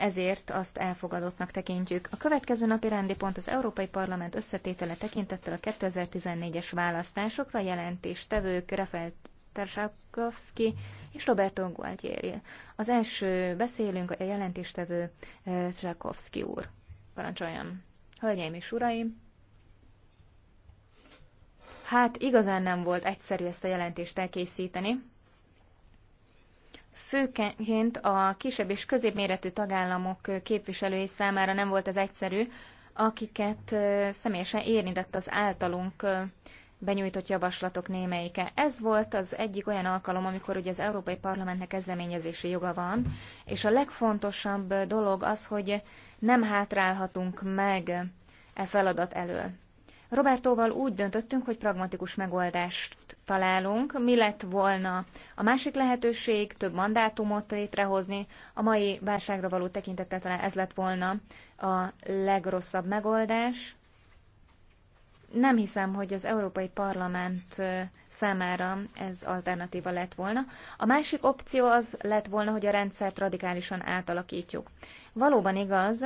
ezért azt elfogadottnak tekintjük. A következő napi rendi pont az Európai Parlament összetétele tekintettel a 2014-es választásokra jelentéstevők Rafael Tarsakovsky és Roberto Gualtieri. Az első beszélünk a jelentéstevő eh, Tarsakovsky úr. Parancsoljon! Hölgyeim és uraim! Hát igazán nem volt egyszerű ezt a jelentést elkészíteni, főként a kisebb és középméretű tagállamok képviselői számára nem volt ez egyszerű, akiket személyesen érintett az általunk benyújtott javaslatok némelyike. Ez volt az egyik olyan alkalom, amikor ugye az Európai Parlamentnek kezdeményezési joga van, és a legfontosabb dolog az, hogy nem hátrálhatunk meg e feladat elől. Robertóval úgy döntöttünk, hogy pragmatikus megoldást találunk. Mi lett volna a másik lehetőség, több mandátumot létrehozni. A mai válságra való tekintettel talán ez lett volna a legrosszabb megoldás. Nem hiszem, hogy az Európai Parlament számára ez alternatíva lett volna. A másik opció az lett volna, hogy a rendszert radikálisan átalakítjuk. Valóban igaz,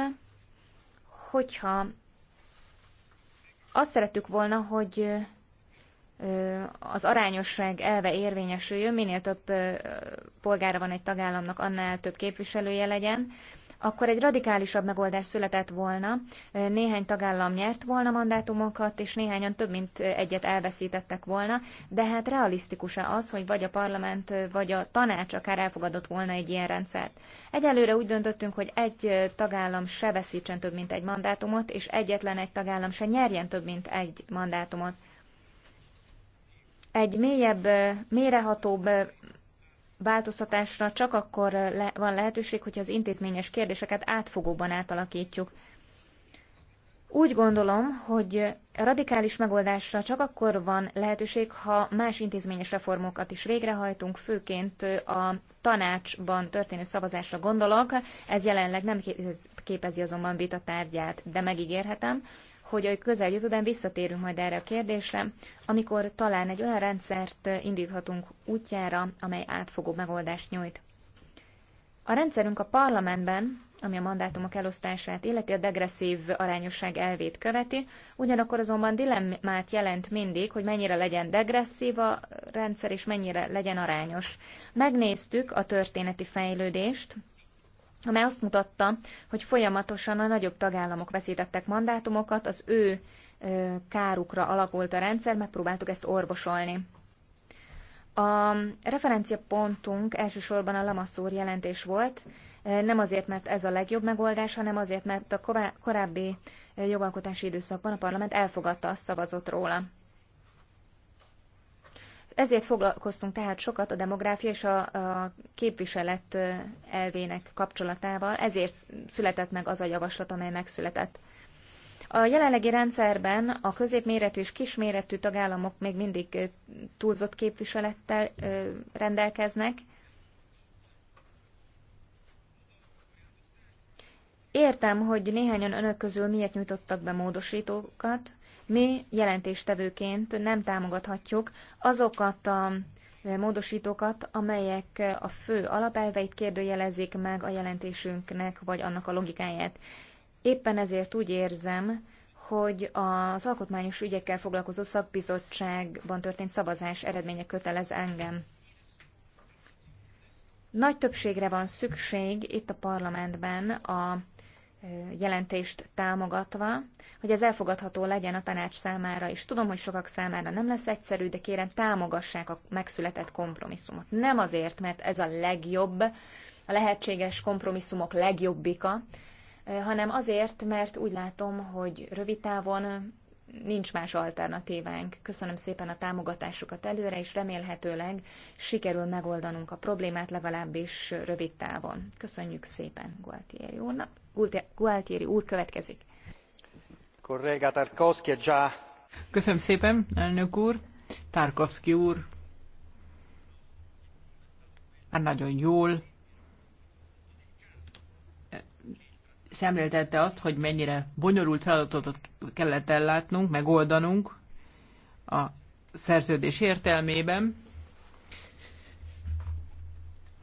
hogyha azt szerettük volna, hogy az arányosság elve érvényesüljön, minél több polgára van egy tagállamnak, annál több képviselője legyen, akkor egy radikálisabb megoldás született volna, néhány tagállam nyert volna mandátumokat, és néhányan több mint egyet elveszítettek volna, de hát realisztikus az, hogy vagy a parlament, vagy a tanács akár elfogadott volna egy ilyen rendszert. Egyelőre úgy döntöttünk, hogy egy tagállam se veszítsen több mint egy mandátumot, és egyetlen egy tagállam se nyerjen több mint egy mandátumot. Egy mélyebb, mérehatóbb Változtatásra csak akkor le- van lehetőség, hogyha az intézményes kérdéseket átfogóban átalakítjuk. Úgy gondolom, hogy radikális megoldásra csak akkor van lehetőség, ha más intézményes reformokat is végrehajtunk, főként a tanácsban történő szavazásra gondolok. Ez jelenleg nem képezi azonban vita tárgyát, de megígérhetem, hogy a közeljövőben visszatérünk majd erre a kérdésre, amikor talán egy olyan rendszert indíthatunk útjára, amely átfogó megoldást nyújt. A rendszerünk a parlamentben, ami a mandátumok elosztását illeti, a degresszív arányosság elvét követi, ugyanakkor azonban dilemmát jelent mindig, hogy mennyire legyen degresszív a rendszer, és mennyire legyen arányos. Megnéztük a történeti fejlődést, amely azt mutatta, hogy folyamatosan a nagyobb tagállamok veszítettek mandátumokat, az ő kárukra alakult a rendszer, megpróbáltuk ezt orvosolni. A referenciapontunk elsősorban a Lamaszúr jelentés volt, nem azért, mert ez a legjobb megoldás, hanem azért, mert a korábbi jogalkotási időszakban a parlament elfogadta, azt szavazott róla. Ezért foglalkoztunk tehát sokat a demográfia és a, a képviselet elvének kapcsolatával, ezért született meg az a javaslat, amely megszületett. A jelenlegi rendszerben a középméretű és kisméretű tagállamok még mindig túlzott képviselettel rendelkeznek. Értem, hogy néhányan önök közül miért nyújtottak be módosítókat, mi jelentéstevőként nem támogathatjuk azokat a e, módosítókat, amelyek a fő alapelveit kérdőjelezik meg a jelentésünknek, vagy annak a logikáját. Éppen ezért úgy érzem, hogy az alkotmányos ügyekkel foglalkozó szakbizottságban történt szavazás eredménye kötelez engem. Nagy többségre van szükség itt a parlamentben a jelentést támogatva, hogy ez elfogadható legyen a tanács számára is. Tudom, hogy sokak számára nem lesz egyszerű, de kérem támogassák a megszületett kompromisszumot. Nem azért, mert ez a legjobb, a lehetséges kompromisszumok legjobbika, hanem azért, mert úgy látom, hogy rövid távon nincs más alternatívánk. Köszönöm szépen a támogatásukat előre, és remélhetőleg sikerül megoldanunk a problémát legalábbis rövid távon. Köszönjük szépen, Gualtieri úrnak. Gualtieri úr következik. Korrega Tarkovsky, Köszönöm szépen, elnök úr. Tarkovsky úr már hát nagyon jól szemléltette azt, hogy mennyire bonyolult feladatot kellett ellátnunk, megoldanunk a szerződés értelmében.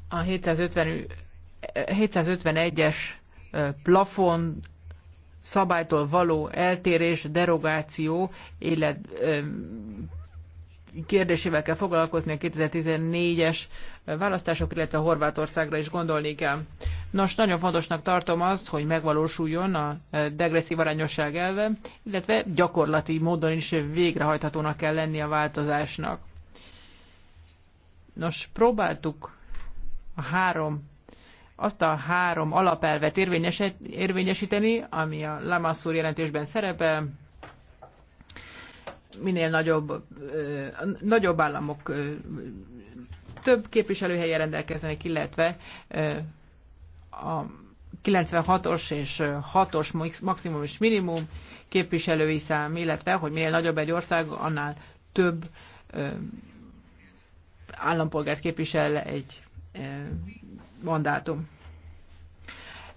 A 750, 751-es plafon szabálytól való eltérés, derogáció, élet, kérdésével kell foglalkozni a 2014-es választások, illetve Horvátországra is gondolni kell. Nos, nagyon fontosnak tartom azt, hogy megvalósuljon a e, degresszív arányosság elve, illetve gyakorlati módon is végrehajthatónak kell lenni a változásnak. Nos, próbáltuk a három azt a három alapelvet érvényesíteni, ami a Lamassur jelentésben szerepel, minél nagyobb, nagyobb államok több képviselőhelyen rendelkeznek, illetve a 96-os és 6-os maximum és minimum képviselői szám, illetve hogy minél nagyobb egy ország, annál több állampolgárt képvisel egy mandátum.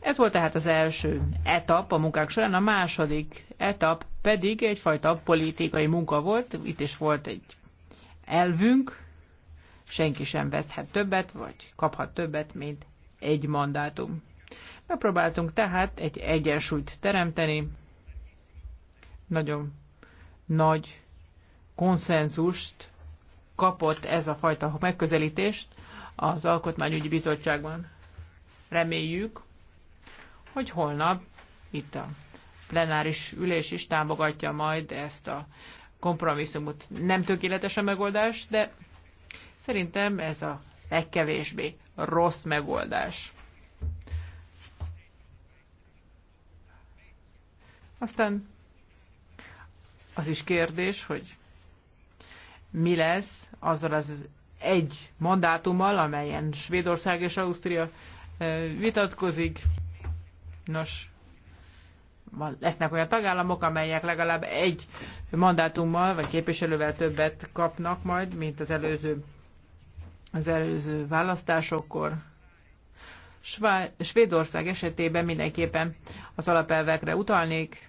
Ez volt tehát az első etap a munkák során, a második etap pedig egyfajta politikai munka volt, itt is volt egy elvünk, senki sem veszthet többet, vagy kaphat többet, mint egy mandátum. Megpróbáltunk tehát egy egyensúlyt teremteni, nagyon nagy konszenzust kapott ez a fajta megközelítést az Alkotmányügyi Bizottságban. Reméljük, hogy holnap itt a plenáris ülés is támogatja majd ezt a kompromisszumot. Nem tökéletes a megoldás, de szerintem ez a legkevésbé rossz megoldás. Aztán az is kérdés, hogy mi lesz azzal az egy mandátummal, amelyen Svédország és Ausztria eh, vitatkozik. Nos, lesznek olyan tagállamok, amelyek legalább egy mandátummal vagy képviselővel többet kapnak majd, mint az előző, az előző választásokkor. Svá- Svédország esetében mindenképpen az alapelvekre utalnék.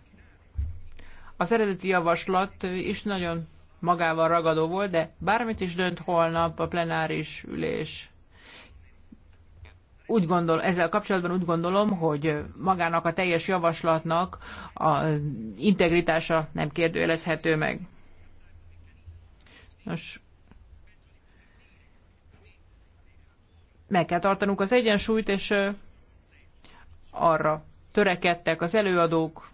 Az eredeti javaslat is nagyon magával ragadó volt, de bármit is dönt holnap a plenáris ülés úgy gondol, ezzel kapcsolatban úgy gondolom, hogy magának a teljes javaslatnak a integritása nem kérdőjelezhető meg. Nos, meg kell tartanunk az egyensúlyt, és arra törekedtek az előadók,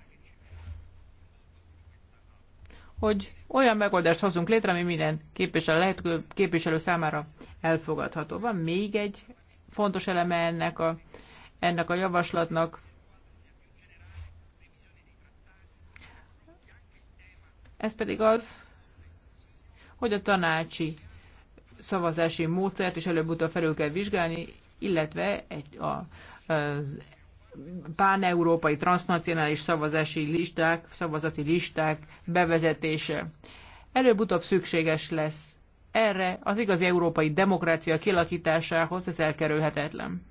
hogy olyan megoldást hozunk létre, ami minden képviselő, lehet, képviselő számára elfogadható. Van még egy fontos eleme ennek a, ennek a javaslatnak. Ez pedig az, hogy a tanácsi szavazási módszert is előbb-utóbb felül kell vizsgálni, illetve egy, a, az páneurópai transnacionális szavazási listák, szavazati listák bevezetése. Előbb-utóbb szükséges lesz erre az igazi európai demokrácia kilakításához ez elkerülhetetlen.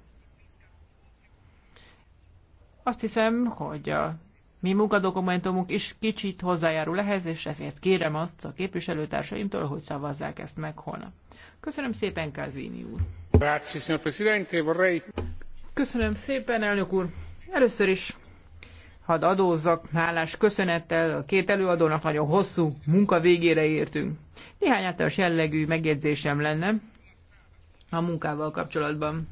Azt hiszem, hogy a mi munkadokumentumunk is kicsit hozzájárul ehhez, és ezért kérem azt a képviselőtársaimtól, hogy szavazzák ezt meg holnap. Köszönöm szépen, Kázini úr. Köszönöm szépen, elnök úr. Először is hadd adózzak, hálás köszönettel a két előadónak nagyon hosszú munka végére értünk. Néhány általános jellegű megjegyzésem lenne a munkával kapcsolatban.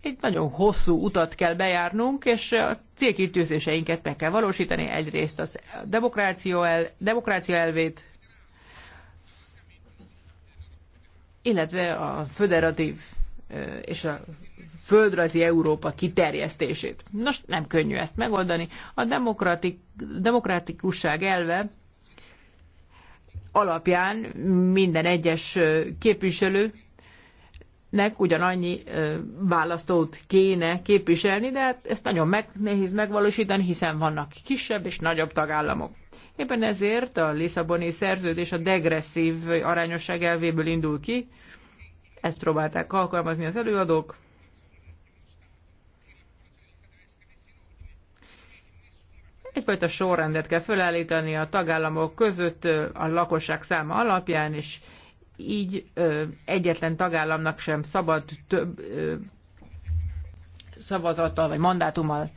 Egy nagyon hosszú utat kell bejárnunk, és a célkitűzéseinket meg kell valósítani. Egyrészt a demokrácia, el, demokrácia elvét, illetve a föderatív és a földrajzi Európa kiterjesztését. Nos, nem könnyű ezt megoldani. A demokratik, demokratikusság elve alapján minden egyes képviselőnek ugyanannyi választót kéne képviselni, de hát ezt nagyon meg, nehéz megvalósítani, hiszen vannak kisebb és nagyobb tagállamok. Éppen ezért a Lisszaboni szerződés a degresszív arányosság elvéből indul ki, ezt próbálták alkalmazni az előadók, Egyfajta sorrendet kell felállítani a tagállamok között a lakosság száma alapján, és így egyetlen tagállamnak sem szabad több szavazattal vagy mandátummal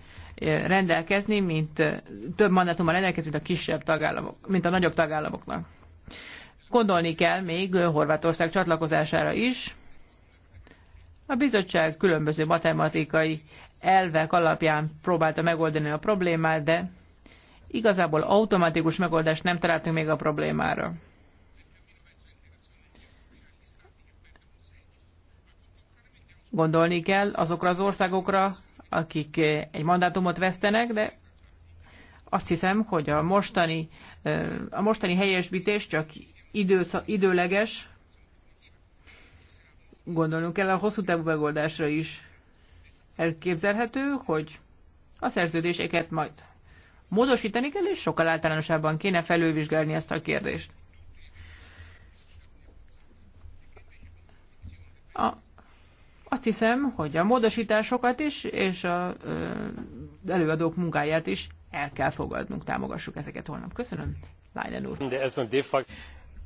rendelkezni, mint több mandátummal rendelkezni, mint a kisebb tagállamok, mint a nagyobb tagállamoknak. Gondolni kell még Horvátország csatlakozására is. A bizottság különböző matematikai elvek alapján próbálta megoldani a problémát, de Igazából automatikus megoldást nem találtunk még a problémára. Gondolni kell azokra az országokra, akik egy mandátumot vesztenek, de azt hiszem, hogy a mostani, eh, a mostani helyesbítés csak időszak, időleges. Gondolnunk kell a hosszú távú megoldásra is. Elképzelhető, hogy a szerződéseket majd módosítani kell, és sokkal általánosabban kéne felülvizsgálni ezt a kérdést. A, azt hiszem, hogy a módosításokat is, és az előadók munkáját is el kell fogadnunk, támogassuk ezeket holnap. Köszönöm, Lájlen úr. De ez a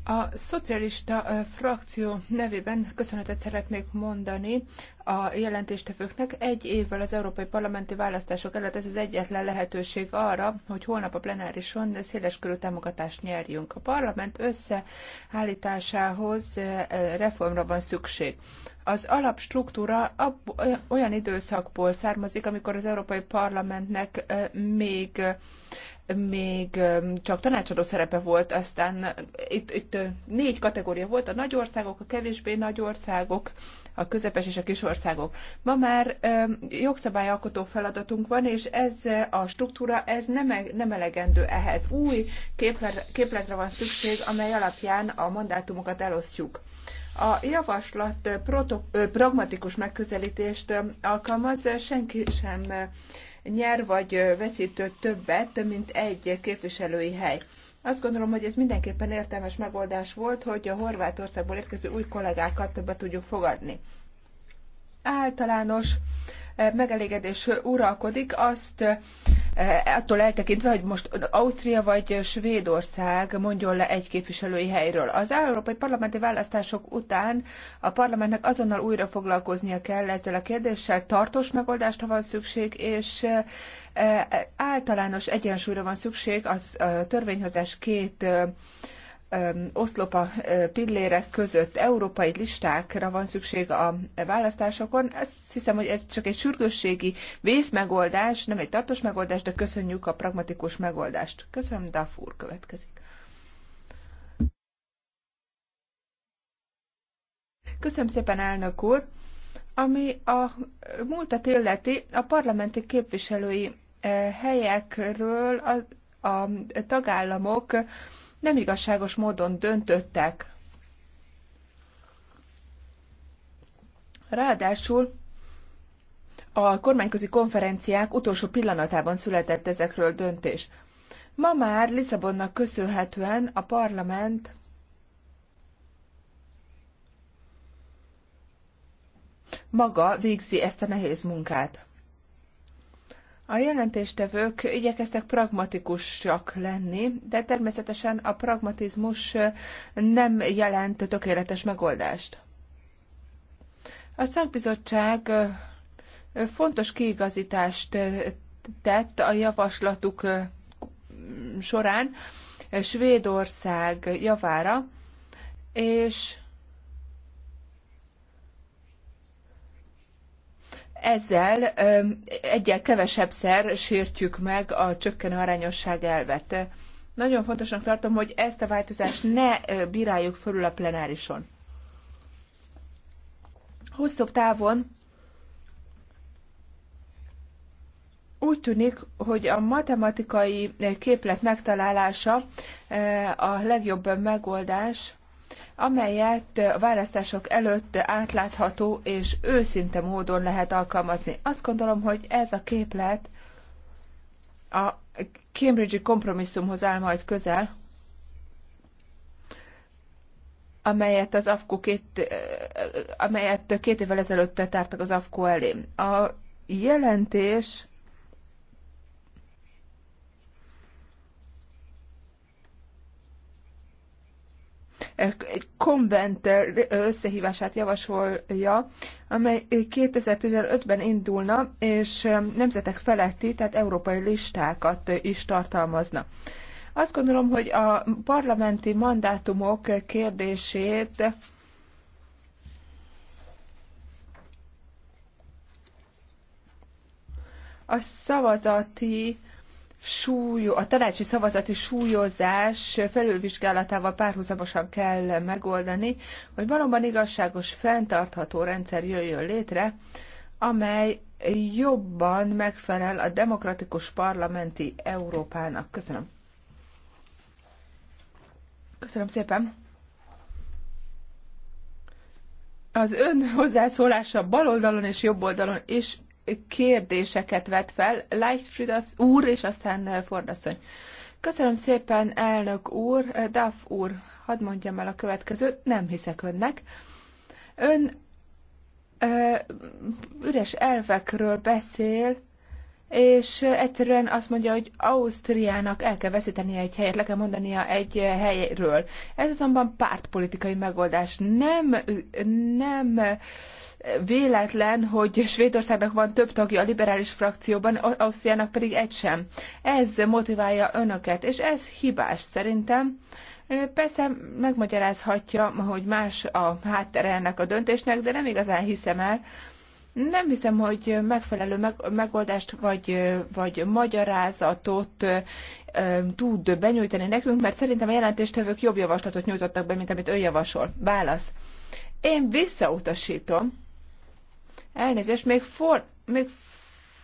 a szocialista frakció nevében köszönetet szeretnék mondani a jelentéstevőknek. Egy évvel az európai parlamenti választások előtt ez az egyetlen lehetőség arra, hogy holnap a plenárison széleskörű támogatást nyerjünk. A parlament összeállításához reformra van szükség. Az alapstruktúra olyan időszakból származik, amikor az Európai Parlamentnek még még csak tanácsadó szerepe volt, aztán itt, itt négy kategória volt, a nagy országok, a kevésbé nagy országok, a közepes és a kis országok. Ma már jogszabályalkotó feladatunk van, és ez a struktúra ez nem, e-, nem elegendő ehhez. Új képletre van szükség, amely alapján a mandátumokat elosztjuk. A javaslat pragmatikus megközelítést alkalmaz, senki sem nyer vagy veszítő többet, mint egy képviselői hely. Azt gondolom, hogy ez mindenképpen értelmes megoldás volt, hogy a Horvátországból érkező új kollégákat be tudjuk fogadni. Általános megelégedés uralkodik, azt attól eltekintve, hogy most Ausztria vagy Svédország mondjon le egy képviselői helyről. Az európai parlamenti választások után a parlamentnek azonnal újra foglalkoznia kell ezzel a kérdéssel, tartós megoldásra van szükség, és e, e, általános egyensúlyra van szükség az e, törvényhozás két oszlopa pillérek között európai listákra van szükség a választásokon. Azt hiszem, hogy ez csak egy sürgősségi vészmegoldás, nem egy tartós megoldás, de köszönjük a pragmatikus megoldást. Köszönöm, Dafur következik. Köszönöm szépen, elnök úr! Ami a múltat illeti, a parlamenti képviselői helyekről a, a tagállamok nem igazságos módon döntöttek. Ráadásul a kormányközi konferenciák utolsó pillanatában született ezekről döntés. Ma már Lisszabonnak köszönhetően a parlament maga végzi ezt a nehéz munkát. A jelentéstevők igyekeztek pragmatikusak lenni, de természetesen a pragmatizmus nem jelent tökéletes megoldást. A szakbizottság fontos kiigazítást tett a javaslatuk során Svédország javára, és ezzel egyel kevesebbszer sértjük meg a csökkenő arányosság elvet. Nagyon fontosnak tartom, hogy ezt a változást ne bíráljuk fölül a plenárison. Hosszabb távon úgy tűnik, hogy a matematikai képlet megtalálása a legjobb megoldás amelyet a választások előtt átlátható és őszinte módon lehet alkalmazni. Azt gondolom, hogy ez a képlet a Cambridge-i kompromisszumhoz áll majd közel, amelyet az AFKO két, amelyet két évvel ezelőtt tártak az AFKO elé. A jelentés egy konvent összehívását javasolja, amely 2015-ben indulna, és um, nemzetek feletti, tehát európai listákat is tartalmazna. Azt gondolom, hogy a parlamenti mandátumok kérdését a szavazati súlyo, a tanácsi szavazati súlyozás felülvizsgálatával párhuzamosan kell megoldani, hogy valóban igazságos, fenntartható rendszer jöjjön létre, amely jobban megfelel a demokratikus parlamenti Európának. Köszönöm. Köszönöm szépen. Az ön hozzászólása bal oldalon és jobb oldalon is kérdéseket vet fel Leichtfried az úr, és aztán eh, fordasszony. Köszönöm szépen, elnök úr, eh, Duff úr, hadd mondjam el a következőt, nem hiszek önnek. Ön ö, eh, üres elvekről beszél, és egyszerűen azt mondja, hogy Ausztriának el kell veszítenie egy helyet, le kell mondania egy helyről. Ez azonban pártpolitikai megoldás. Nem, nem véletlen, hogy Svédországnak van több tagja a liberális frakcióban, Ausztriának pedig egy sem. Ez motiválja önöket, és ez hibás szerintem. Persze megmagyarázhatja, hogy más a háttere ennek a döntésnek, de nem igazán hiszem el, nem hiszem, hogy megfelelő megoldást vagy, vagy magyarázatot tud benyújtani nekünk, mert szerintem a jelentéstevők jobb javaslatot nyújtottak be, mint amit ő javasol. Válasz. Én visszautasítom. Elnézést, még, for, még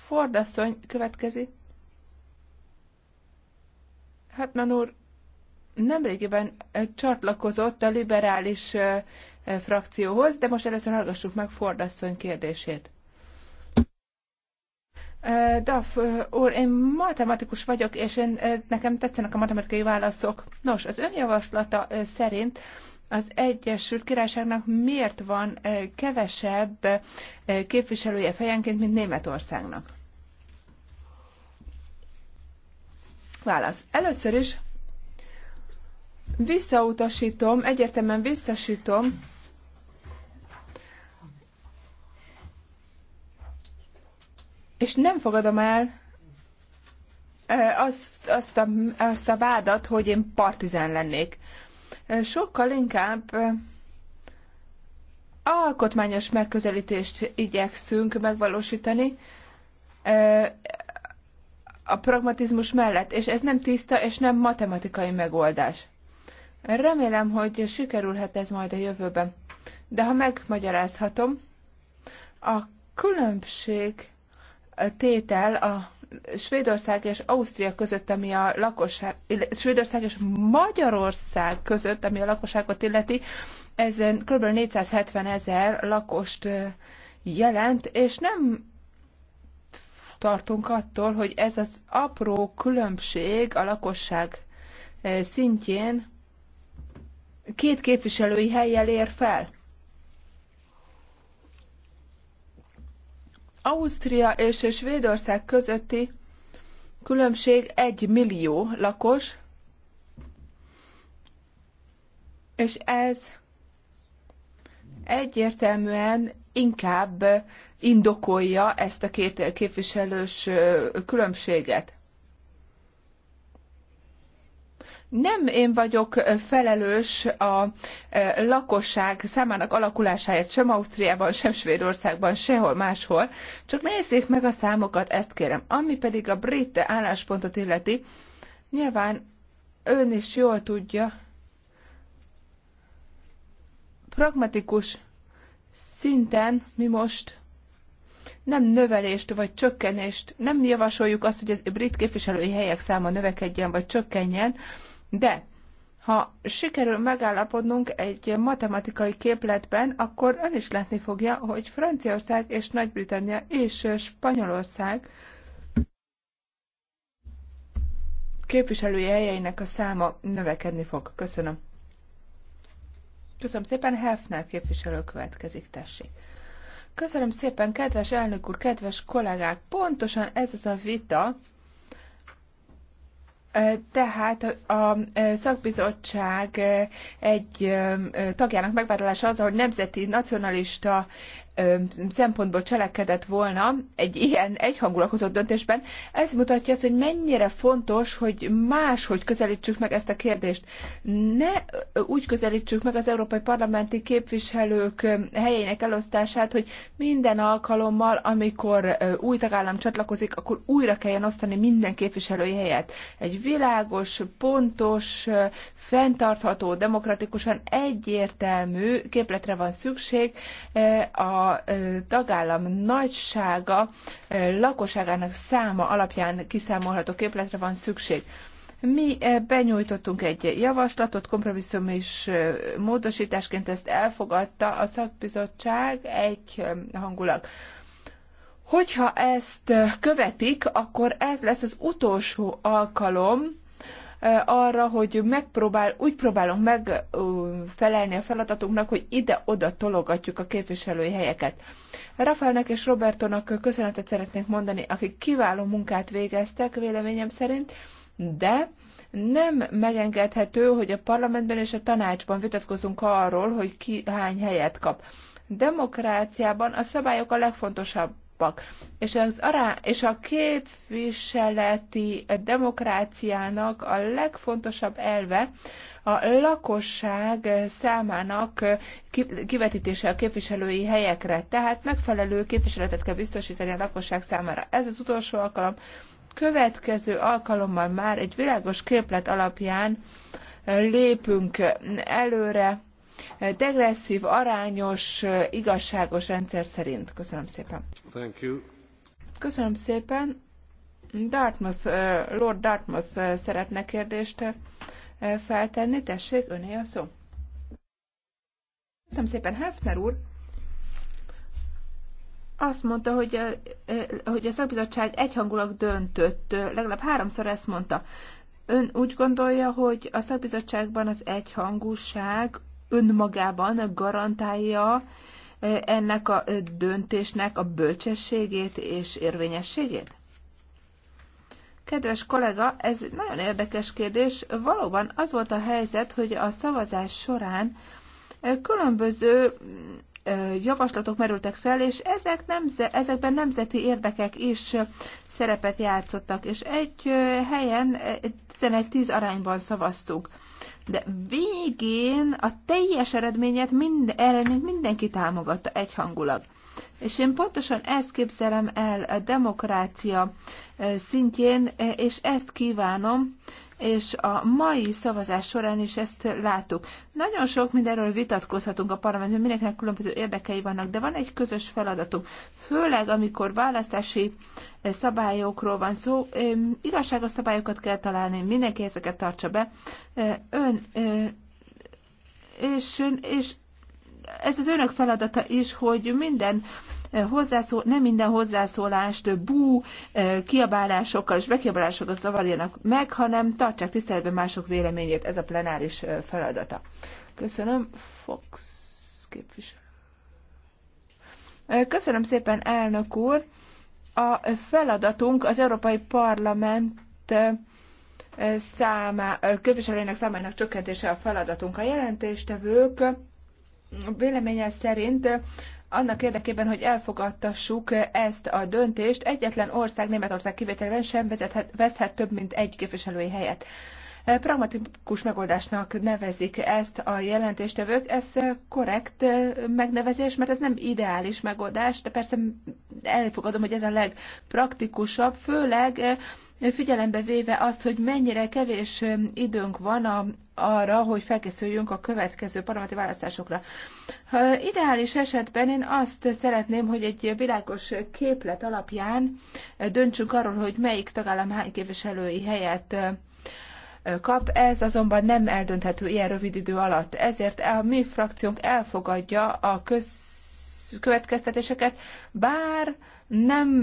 fordasszony asszony következik. Manur, hát, úr nemrégiben csatlakozott a liberális Eh, frakcióhoz, de most először hallgassuk meg Ford asszony kérdését. Eh, Daf eh, úr, én matematikus vagyok, és én, nekem tetszenek a matematikai válaszok. Nos, az önjavaslata szerint az Egyesült Királyságnak miért van kevesebb képviselője fejenként, mint Németországnak? Válasz. Először is visszautasítom, egyértelműen visszasítom és nem fogadom el azt, azt, a, azt a vádat, hogy én partizán lennék. Sokkal inkább alkotmányos megközelítést igyekszünk megvalósítani a pragmatizmus mellett, és ez nem tiszta és nem matematikai megoldás. Remélem, hogy sikerülhet ez majd a jövőben. De ha megmagyarázhatom, a különbség tétel a Svédország és Ausztria között, ami a lakosság, Svédország és Magyarország között, ami a lakosságot illeti, ez kb. 470 ezer lakost jelent, és nem tartunk attól, hogy ez az apró különbség a lakosság szintjén két képviselői helyjel ér fel. Ausztria és Svédország közötti különbség 1 millió lakos, és ez egyértelműen inkább indokolja ezt a két képviselős különbséget. Nem én vagyok felelős a lakosság számának alakulásáért sem Ausztriában, sem Svédországban, sehol máshol. Csak nézzék meg a számokat, ezt kérem. Ami pedig a brit álláspontot illeti, nyilván ön is jól tudja, pragmatikus szinten mi most nem növelést vagy csökkenést, nem javasoljuk azt, hogy a brit képviselői helyek száma növekedjen vagy csökkenjen, de ha sikerül megállapodnunk egy matematikai képletben, akkor ön is látni fogja, hogy Franciaország és Nagy-Britannia és Spanyolország képviselői helyeinek a száma növekedni fog. Köszönöm. Köszönöm szépen, Hefner képviselő következik, tessék. Köszönöm szépen, kedves elnök úr, kedves kollégák! Pontosan ez az a vita, tehát a szakbizottság egy tagjának megvádolása az, hogy nemzeti nacionalista szempontból cselekedett volna egy ilyen egyhangulag hozott döntésben, ez mutatja azt, hogy mennyire fontos, hogy máshogy közelítsük meg ezt a kérdést. Ne úgy közelítsük meg az európai parlamenti képviselők helyének elosztását, hogy minden alkalommal, amikor új tagállam csatlakozik, akkor újra kelljen osztani minden képviselői helyet. Egy világos, pontos, fenntartható, demokratikusan egyértelmű képletre van szükség a a tagállam nagysága, lakosságának száma alapján kiszámolható képletre van szükség. Mi benyújtottunk egy javaslatot, kompromisszum és módosításként ezt elfogadta a szakbizottság egy hangulat. Hogyha ezt követik, akkor ez lesz az utolsó alkalom, arra, hogy megpróbál, úgy próbálunk megfelelni a feladatunknak, hogy ide-oda tologatjuk a képviselői helyeket. Rafaelnek és Robertonak köszönetet szeretnék mondani, akik kiváló munkát végeztek véleményem szerint, de nem megengedhető, hogy a parlamentben és a tanácsban vitatkozunk arról, hogy ki hány helyet kap. Demokráciában a szabályok a legfontosabb pak. És, az ará, és a képviseleti demokráciának a legfontosabb elve a lakosság számának kivetítése a képviselői helyekre. Tehát megfelelő képviseletet kell biztosítani a lakosság számára. Ez az utolsó alkalom. Következő alkalommal már egy világos képlet alapján lépünk előre degresszív, arányos, igazságos rendszer szerint. Köszönöm szépen. Thank you. Köszönöm szépen. Dartmouth, Lord Dartmouth szeretne kérdést feltenni. Tessék, öné a szó. Köszönöm szépen, Hefner úr azt mondta, hogy a, hogy a szakbizottság egyhangulag döntött, legalább háromszor ezt mondta. Ön úgy gondolja, hogy a szakbizottságban az egyhangúság önmagában garantálja ennek a döntésnek a bölcsességét és érvényességét? Kedves kollega, ez egy nagyon érdekes kérdés. Valóban az volt a helyzet, hogy a szavazás során különböző javaslatok merültek fel, és ezek nemze, ezekben nemzeti érdekek is szerepet játszottak, és egy helyen 11-10 arányban szavaztunk de végén a teljes eredményet mind, eredményt mindenki támogatta egyhangulag. És én pontosan ezt képzelem el a demokrácia szintjén, és ezt kívánom és a mai szavazás során is ezt láttuk. Nagyon sok mindenről vitatkozhatunk a parlamentben, mindenkinek különböző érdekei vannak, de van egy közös feladatunk, főleg amikor választási eh, szabályokról van szó, eh, igazságos szabályokat kell találni, mindenki ezeket tartsa be. Eh, ön, és, és ez az önök feladata is, hogy minden hozzászó, nem minden hozzászólást bú, kiabálásokkal és bekiabálásokkal zavarjanak meg, hanem tartsák tiszteletben mások véleményét. Ez a plenáris feladata. Köszönöm. Fox képviselő. Köszönöm szépen, elnök úr. A feladatunk az Európai Parlament számá, képviselőinek számának csökkentése a feladatunk. A jelentéstevők véleménye szerint annak érdekében, hogy elfogadtassuk ezt a döntést, egyetlen ország, Németország kivételben sem vezethet, veszthet több, mint egy képviselői helyet. Pragmatikus megoldásnak nevezik ezt a jelentéstevők. Ez korrekt megnevezés, mert ez nem ideális megoldás, de persze elfogadom, hogy ez a legpraktikusabb, főleg figyelembe véve azt, hogy mennyire kevés időnk van a arra, hogy felkészüljünk a következő parlamenti választásokra. Ideális esetben én azt szeretném, hogy egy világos képlet alapján döntsünk arról, hogy melyik tagállam hány képviselői helyet kap, ez azonban nem eldönthető ilyen rövid idő alatt. Ezért a mi frakciónk elfogadja a köz következtetéseket, bár nem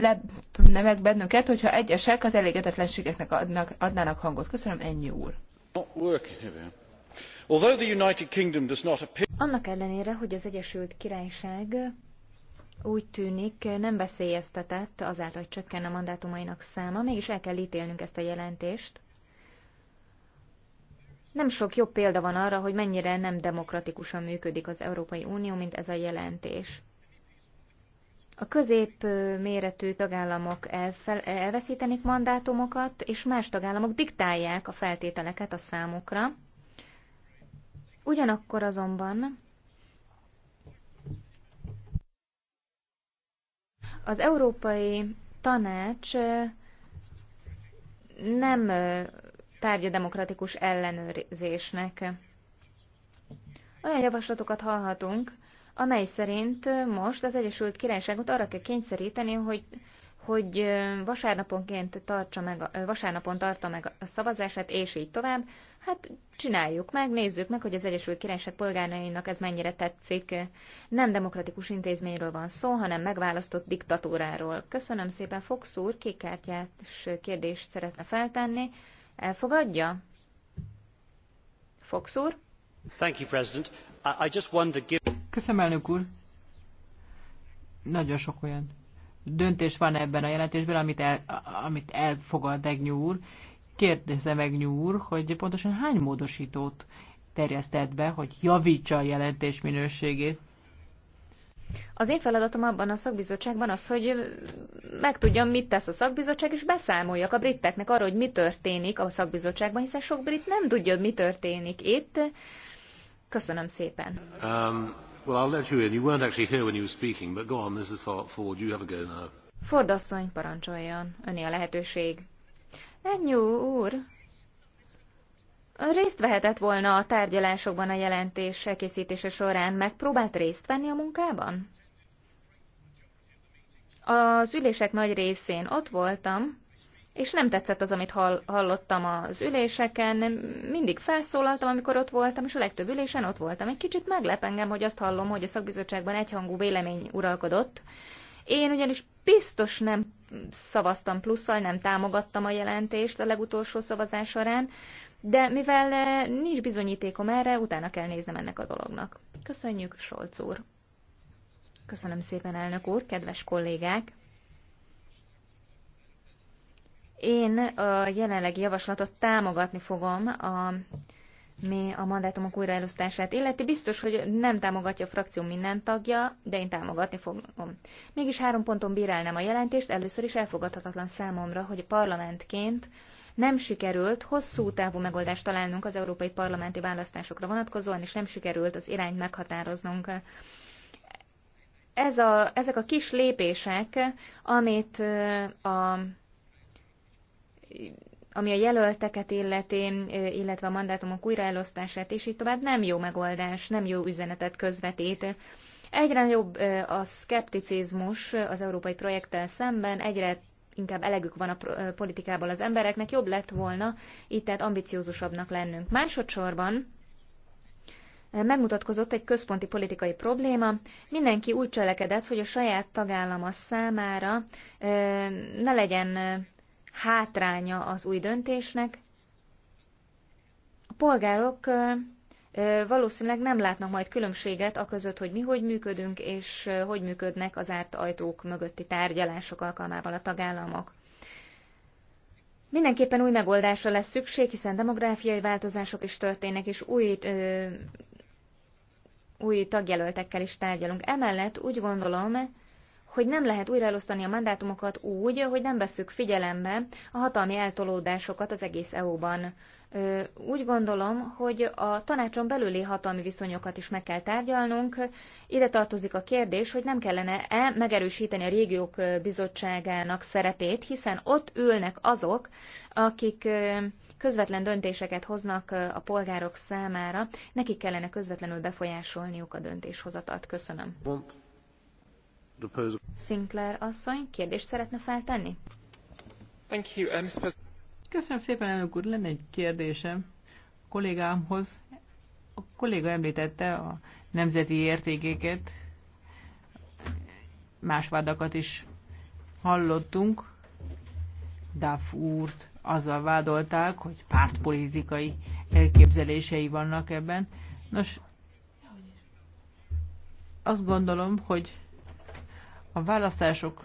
lepne meg bennünket, hogyha egyesek az elégedetlenségeknek adnak, adnának hangot. Köszönöm, ennyi úr. Annak ellenére, hogy az Egyesült Királyság úgy tűnik nem veszélyeztetett azáltal, hogy csökken a mandátumainak száma, mégis el kell ítélnünk ezt a jelentést. Nem sok jobb példa van arra, hogy mennyire nem demokratikusan működik az Európai Unió, mint ez a jelentés a közép méretű tagállamok elfel, elveszítenik mandátumokat, és más tagállamok diktálják a feltételeket a számukra. Ugyanakkor azonban az Európai Tanács nem tárgya demokratikus ellenőrzésnek. Olyan javaslatokat hallhatunk, amely szerint most az Egyesült Királyságot arra kell kényszeríteni, hogy hogy vasárnaponként tartsa meg, vasárnapon tartsa meg a szavazását, és így tovább. Hát csináljuk meg, nézzük meg, hogy az Egyesült Királyság polgárainak ez mennyire tetszik. Nem demokratikus intézményről van szó, hanem megválasztott diktatúráról. Köszönöm szépen, Fox úr, kékártyás kérdést szeretne feltenni. Elfogadja? Fox úr? Thank you, President. I just wonder, give... Köszönöm, elnök úr. Nagyon sok olyan döntés van ebben a jelentésben, amit, el, amit elfogad Egnyú úr. Kérdezze meg Nyúr, hogy pontosan hány módosítót terjesztett be, hogy javítsa a jelentés minőségét. Az én feladatom abban a szakbizottságban az, hogy megtudjam, mit tesz a szakbizottság, és beszámoljak a briteknek arról, hogy mi történik a szakbizottságban, hiszen sok brit nem tudja, mi történik itt. Köszönöm szépen. Um, Well, I'll let you in. You weren't actually here when you were speaking, but go on, Mrs. Ford, you have a go now. Ford asszony, parancsoljon. Önni a lehetőség. Ennyi úr, részt vehetett volna a tárgyalásokban a jelentés elkészítése során. Megpróbált részt venni a munkában? Az ülések nagy részén ott voltam, és nem tetszett az, amit hall, hallottam az üléseken, mindig felszólaltam, amikor ott voltam, és a legtöbb ülésen ott voltam. Egy kicsit meglep engem, hogy azt hallom, hogy a szakbizottságban egyhangú vélemény uralkodott. Én ugyanis biztos nem szavaztam plusszal, nem támogattam a jelentést a legutolsó szavazás során, de mivel eh, nincs bizonyítékom erre, utána kell néznem ennek a dolognak. Köszönjük, Solc úr! Köszönöm szépen, elnök úr, kedves kollégák! Én a jelenlegi javaslatot támogatni fogom, a, mi a mandátumok újraelosztását illeti. Biztos, hogy nem támogatja a frakció minden tagja, de én támogatni fogom. Mégis három ponton bírálnám a jelentést. Először is elfogadhatatlan számomra, hogy a parlamentként nem sikerült hosszú távú megoldást találnunk az európai parlamenti választásokra vonatkozóan, és nem sikerült az irányt meghatároznunk. Ez a, ezek a kis lépések, amit a ami a jelölteket illeti, illetve a mandátumok újraelosztását és így tovább nem jó megoldás, nem jó üzenetet közvetít. Egyre jobb a szkepticizmus az európai projekttel szemben, egyre inkább elegük van a politikából az embereknek, jobb lett volna így tehát ambiciózusabbnak lennünk. Másodszorban megmutatkozott egy központi politikai probléma. Mindenki úgy cselekedett, hogy a saját tagállama számára ne legyen hátránya az új döntésnek. A polgárok valószínűleg nem látnak majd különbséget a között, hogy mi hogy működünk, és hogy működnek az árt ajtók mögötti tárgyalások alkalmával a tagállamok. Mindenképpen új megoldásra lesz szükség, hiszen demográfiai változások is történnek, és új, ö, új tagjelöltekkel is tárgyalunk. Emellett úgy gondolom, hogy nem lehet újraelosztani a mandátumokat úgy, hogy nem veszük figyelembe a hatalmi eltolódásokat az egész EU-ban. Úgy gondolom, hogy a tanácson belüli hatalmi viszonyokat is meg kell tárgyalnunk. Ide tartozik a kérdés, hogy nem kellene-e megerősíteni a régiók bizottságának szerepét, hiszen ott ülnek azok, akik közvetlen döntéseket hoznak a polgárok számára, nekik kellene közvetlenül befolyásolniuk a döntéshozatat. Köszönöm. Pont. Sinclair asszony, kérdést szeretne feltenni? Thank you, um, Köszönöm szépen, elnök úr. Lenne egy kérdésem a kollégámhoz. A kolléga említette a nemzeti értékeket, más vádakat is hallottunk. Duff úrt azzal vádolták, hogy pártpolitikai elképzelései vannak ebben. Nos, azt gondolom, hogy a választások,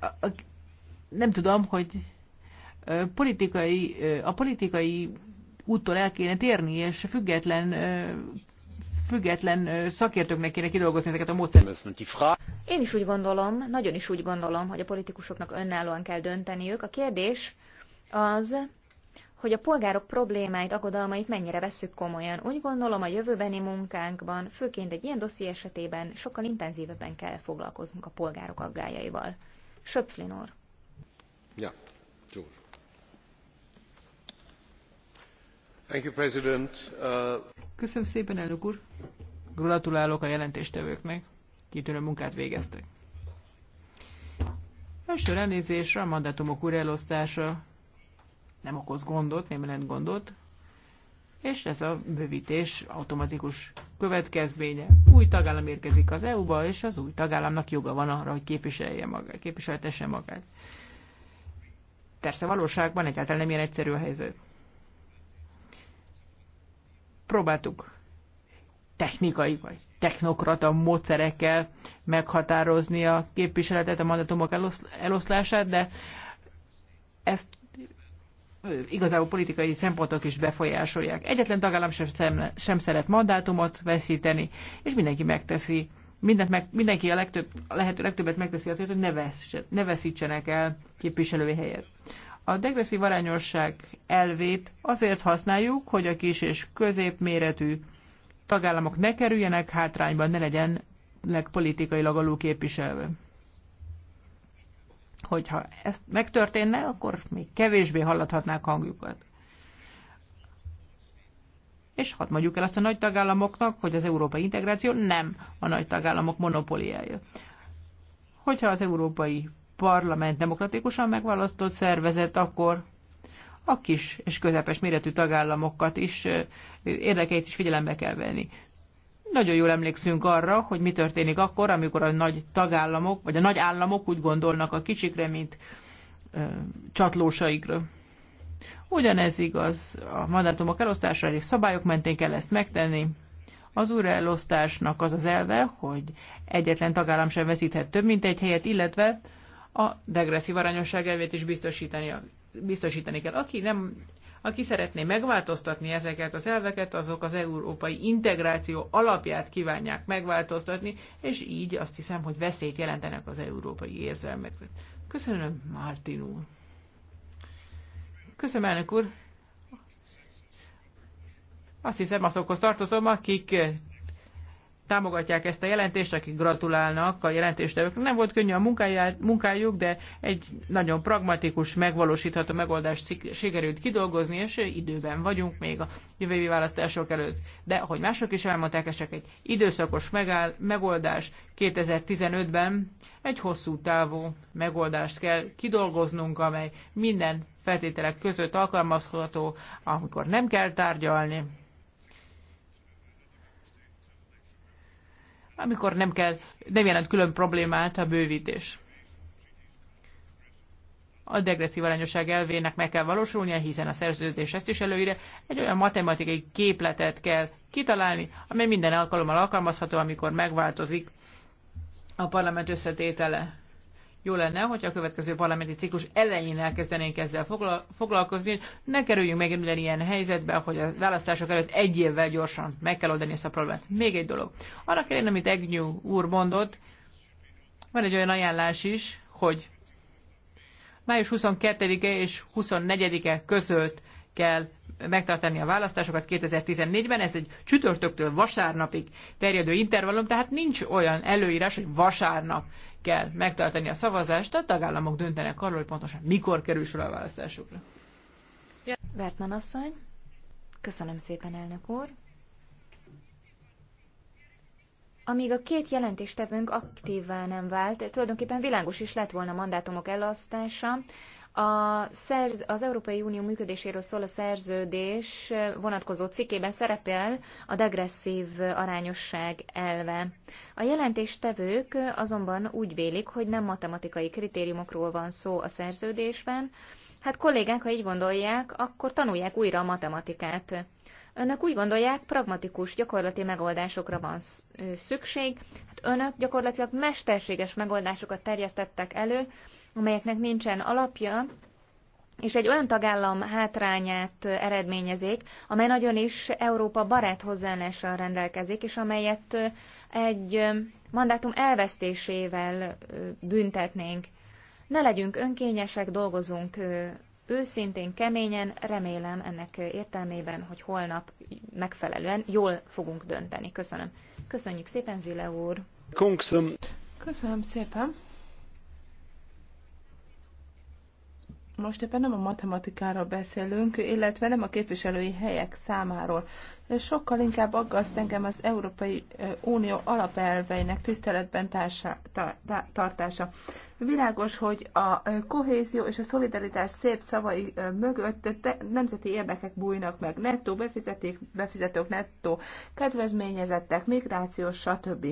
a, a, nem tudom, hogy a politikai, a politikai úttól el kéne térni, és független független szakértőknek kéne kidolgozni ezeket a módszereket. Én is úgy gondolom, nagyon is úgy gondolom, hogy a politikusoknak önállóan kell dönteniük. A kérdés az, hogy a polgárok problémáit, aggodalmait mennyire vesszük komolyan. Úgy gondolom, a jövőbeni munkánkban, főként egy ilyen dosszi esetében sokkal intenzívebben kell foglalkoznunk a polgárok aggájaival. Söpflinor. Ja, George. Thank you, President. Uh... Köszönöm szépen, elnök úr. Gratulálok a jelentéstevőknek. Kitűnő munkát végeztek. Első elnézésre a mandátumok újraelosztása nem okoz gondot, nem jelent gondot, és ez a bővítés automatikus következménye. Új tagállam érkezik az EU-ba, és az új tagállamnak joga van arra, hogy képviselje magát, képviseltesse magát. Persze valóságban egyáltalán nem ilyen egyszerű a helyzet. Próbáltuk technikai vagy technokrata módszerekkel meghatározni a képviseletet, a mandatumok eloszlását, de ezt igazából politikai szempontok is befolyásolják. Egyetlen tagállam sem, sem szeret mandátumot veszíteni, és mindenki megteszi, mindent meg, mindenki a legtöbb, a lehető legtöbbet megteszi azért, hogy ne, vess, ne veszítsenek el képviselői helyet. A degresszív arányosság elvét azért használjuk, hogy a kis és középméretű tagállamok ne kerüljenek hátrányban, ne legyenek politikailag alul képviselve hogyha ezt megtörténne, akkor még kevésbé hallathatnák hangjukat. És hadd mondjuk el azt a nagy tagállamoknak, hogy az európai integráció nem a nagy tagállamok monopóliája. Hogyha az európai parlament demokratikusan megválasztott szervezet, akkor a kis és közepes méretű tagállamokat is, érdekeit is figyelembe kell venni. Nagyon jól emlékszünk arra, hogy mi történik akkor, amikor a nagy tagállamok, vagy a nagy államok úgy gondolnak a kicsikre, mint ö, csatlósaikra. Ugyanez igaz a mandátumok elosztására, és szabályok mentén kell ezt megtenni. Az újraelosztásnak az az elve, hogy egyetlen tagállam sem veszíthet több, mint egy helyet, illetve a degresszív arányosság elvét is biztosítani, biztosítani kell. Aki nem aki szeretné megváltoztatni ezeket az elveket, azok az európai integráció alapját kívánják megváltoztatni, és így azt hiszem, hogy veszélyt jelentenek az európai érzelmekre. Köszönöm, Martin úr. Köszönöm, elnök úr. Azt hiszem, azokhoz tartozom, akik támogatják ezt a jelentést, akik gratulálnak a jelentéstevőknek. Nem volt könnyű a munkájuk, de egy nagyon pragmatikus, megvalósítható megoldást sikerült kidolgozni, és időben vagyunk még a jövő évi választások előtt. De ahogy mások is elmondták, ez csak egy időszakos megáll, megoldás. 2015-ben egy hosszú távú megoldást kell kidolgoznunk, amely minden feltételek között alkalmazható, amikor nem kell tárgyalni, amikor nem, kell, nem jelent külön problémát a bővítés. A degresszív arányosság elvének meg kell valósulnia, hiszen a szerződés ezt is előírja. Egy olyan matematikai képletet kell kitalálni, amely minden alkalommal alkalmazható, amikor megváltozik a parlament összetétele. Jó lenne, hogy a következő parlamenti ciklus elején elkezdenénk ezzel foglalkozni, hogy ne kerüljünk meg minden ilyen helyzetbe, hogy a választások előtt egy évvel gyorsan meg kell oldani ezt a problémát. Még egy dolog. Arra kell amit Egnyú úr mondott, van egy olyan ajánlás is, hogy május 22-e és 24-e között kell megtartani a választásokat 2014-ben. Ez egy csütörtöktől vasárnapig terjedő intervallum, tehát nincs olyan előírás, hogy vasárnap kell megtartani a szavazást, a tagállamok döntenek arról, hogy pontosan mikor kerül sor a választásokra. Bertman asszony, köszönöm szépen, elnök úr. Amíg a két jelentéstevőnk aktívvá nem vált, tulajdonképpen világos is lett volna a mandátumok elasztása, a szerz, az Európai Unió működéséről szól a szerződés vonatkozó cikkében szerepel a degresszív arányosság elve. A jelentéstevők azonban úgy vélik, hogy nem matematikai kritériumokról van szó a szerződésben. Hát kollégák, ha így gondolják, akkor tanulják újra a matematikát. Önök úgy gondolják, pragmatikus, gyakorlati megoldásokra van szükség. Hát önök gyakorlatilag mesterséges megoldásokat terjesztettek elő, amelyeknek nincsen alapja, és egy olyan tagállam hátrányát eredményezik, amely nagyon is Európa barát hozzáállással rendelkezik, és amelyet egy mandátum elvesztésével büntetnénk. Ne legyünk önkényesek, dolgozunk őszintén, keményen, remélem ennek értelmében, hogy holnap megfelelően jól fogunk dönteni. Köszönöm. Köszönjük szépen, Zile úr. Köszönöm. Köszönöm szépen. Most éppen nem a matematikáról beszélünk, illetve nem a képviselői helyek számáról. Sokkal inkább aggaszt engem az Európai Unió alapelveinek tiszteletben társa, tartása. Világos, hogy a kohézió és a szolidaritás szép szavai mögött nemzeti érdekek bújnak meg. Nettó befizetik, befizetők, nettó kedvezményezettek, migrációs, stb.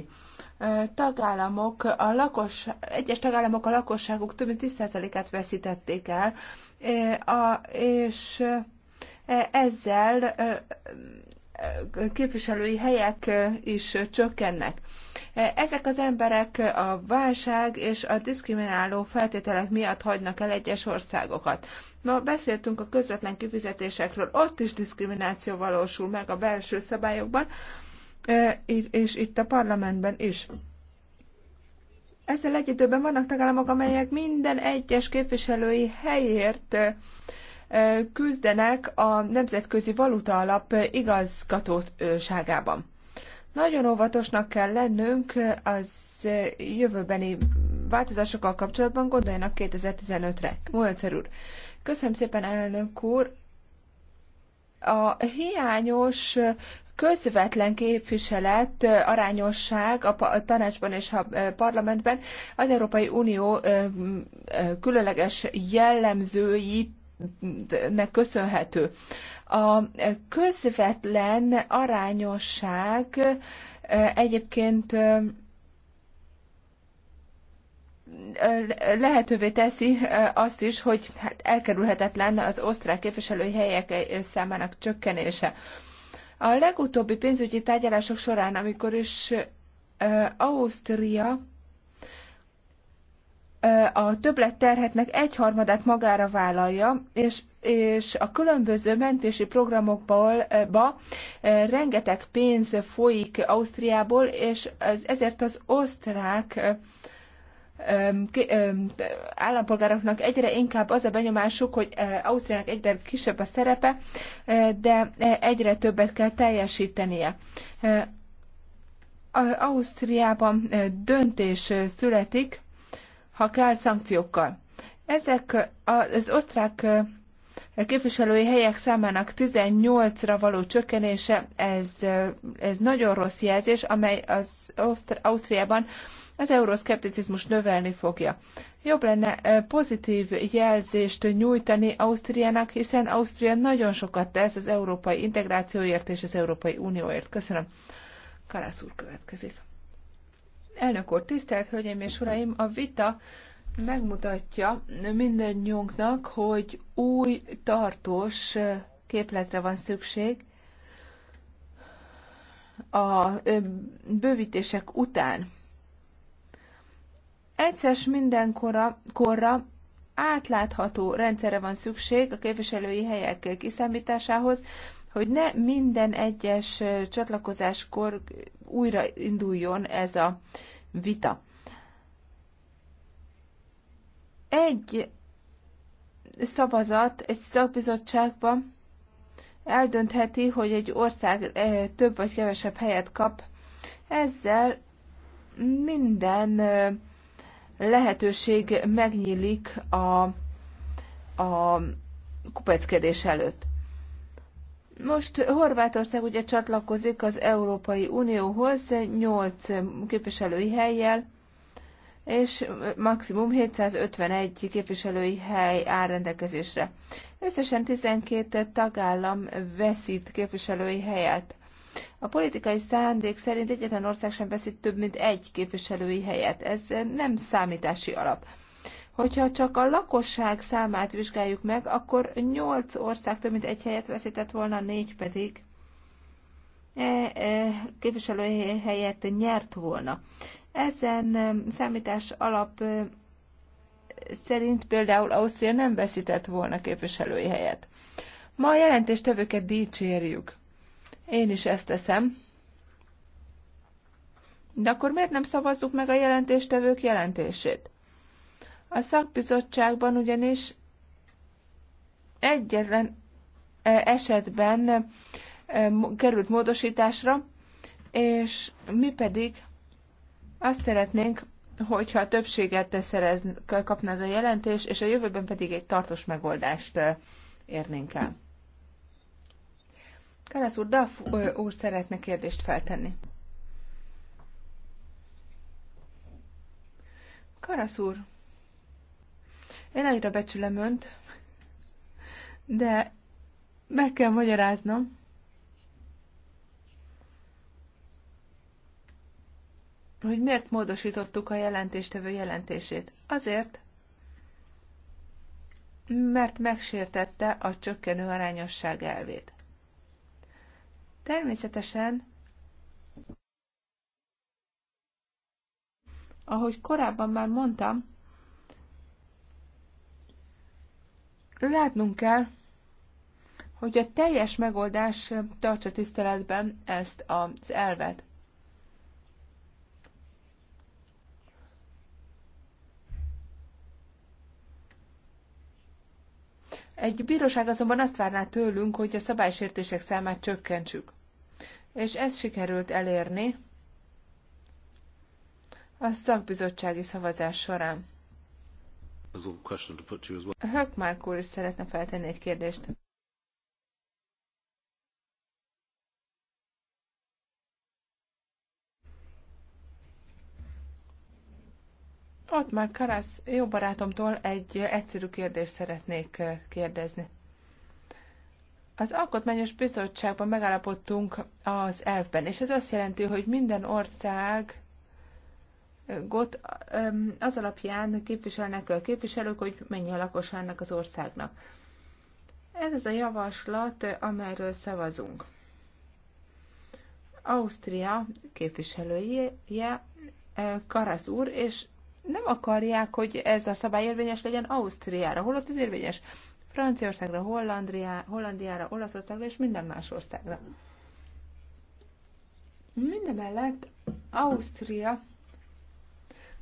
Tagállamok, a lakos, egyes tagállamok a lakosságuk több mint 10%-át veszítették el, a, és e-, ezzel képviselői helyek is csökkennek. Ezek az emberek a válság és a diszkrimináló feltételek miatt hagynak el egyes országokat. Ma beszéltünk a közvetlen kifizetésekről, ott is diszkrimináció valósul meg a belső szabályokban, és itt a parlamentben is. Ezzel egy időben vannak tagállamok, amelyek minden egyes képviselői helyért küzdenek a Nemzetközi Valuta Alap igazgatóságában. Nagyon óvatosnak kell lennünk az jövőbeni változásokkal kapcsolatban, gondoljanak 2015-re. Molcer úr, köszönöm szépen elnök úr. A hiányos közvetlen képviselet, arányosság a tanácsban és a parlamentben az Európai Unió különleges jellemzőit köszönhető. A közvetlen arányosság egyébként lehetővé teszi azt is, hogy hát elkerülhetetlen az osztrák képviselői helyek számának csökkenése. A legutóbbi pénzügyi tárgyalások során, amikor is Ausztria a többlet terhetnek egyharmadát magára vállalja, és, és a különböző mentési programokból ba, rengeteg pénz folyik Ausztriából, és ez, ezért az osztrák állampolgároknak egyre inkább az a benyomásuk, hogy Ausztriának egyre kisebb a szerepe, de egyre többet kell teljesítenie. Ausztriában döntés születik, ha kell, szankciókkal. Ezek az osztrák képviselői helyek számának 18-ra való csökkenése, ez, ez nagyon rossz jelzés, amely az Ausztri- Ausztriában az euroszkepticizmus növelni fogja. Jobb lenne pozitív jelzést nyújtani Ausztriának, hiszen Ausztria nagyon sokat tesz az európai integrációért és az Európai Unióért. Köszönöm. Karász úr következik. Elnök úr, tisztelt Hölgyeim és Uraim, a vita megmutatja mindannyiunknak, hogy új, tartós képletre van szükség a bővítések után. Egyszer mindenkorra korra átlátható rendszerre van szükség a képviselői helyek kiszámításához, hogy ne minden egyes csatlakozáskor újra induljon ez a vita. Egy szavazat egy szakbizottságban eldöntheti, hogy egy ország több vagy kevesebb helyet kap. Ezzel minden lehetőség megnyílik a, a kupeckedés előtt. Most Horvátország ugye csatlakozik az Európai Unióhoz 8 képviselői helyjel, és maximum 751 képviselői hely áll rendelkezésre. Összesen 12 tagállam veszít képviselői helyet. A politikai szándék szerint egyetlen ország sem veszít több mint egy képviselői helyet. Ez nem számítási alap. Hogyha csak a lakosság számát vizsgáljuk meg, akkor 8 ország több mint egy helyet veszített volna, 4 pedig e, e, képviselőhely helyett nyert volna. Ezen e, számítás alap szerint például Ausztria nem veszített volna képviselői helyet. Ma a jelentéstevőket dicsérjük. Én is ezt teszem. De akkor miért nem szavazzuk meg a jelentéstevők jelentését? A szakbizottságban ugyanis egyetlen e, esetben e, került módosításra, és mi pedig azt szeretnénk, hogyha a többséget szerez, kapna ez a jelentés, és a jövőben pedig egy tartós megoldást e, érnénk el. Kárász úr, Daf úr szeretne kérdést feltenni. Kárász úr, én annyira becsülem önt, de meg kell magyaráznom. hogy miért módosítottuk a jelentéstevő jelentését. Azért, mert megsértette a csökkenő arányosság elvét. Természetesen, ahogy korábban már mondtam, Látnunk kell, hogy a teljes megoldás tartsa tiszteletben ezt az elvet. Egy bíróság azonban azt várná tőlünk, hogy a szabálysértések számát csökkentsük. És ez sikerült elérni a szakbizottsági szavazás során. Hökmark úr is szeretne feltenni egy kérdést. Ott már Karasz jó barátomtól egy egyszerű kérdést szeretnék eh, kérdezni. Az Alkotmányos Bizottságban megállapodtunk az elfben, és ez azt jelenti, hogy minden ország Gott az alapján képviselnek a képviselők, hogy mennyi a lakosságnak az országnak. Ez az a javaslat, amelyről szavazunk. Ausztria képviselője Karasz úr, és nem akarják, hogy ez a szabály érvényes legyen Ausztriára, holott ez érvényes Franciaországra, Hollandiára, Olaszországra és minden más országra. Mindemellett Ausztria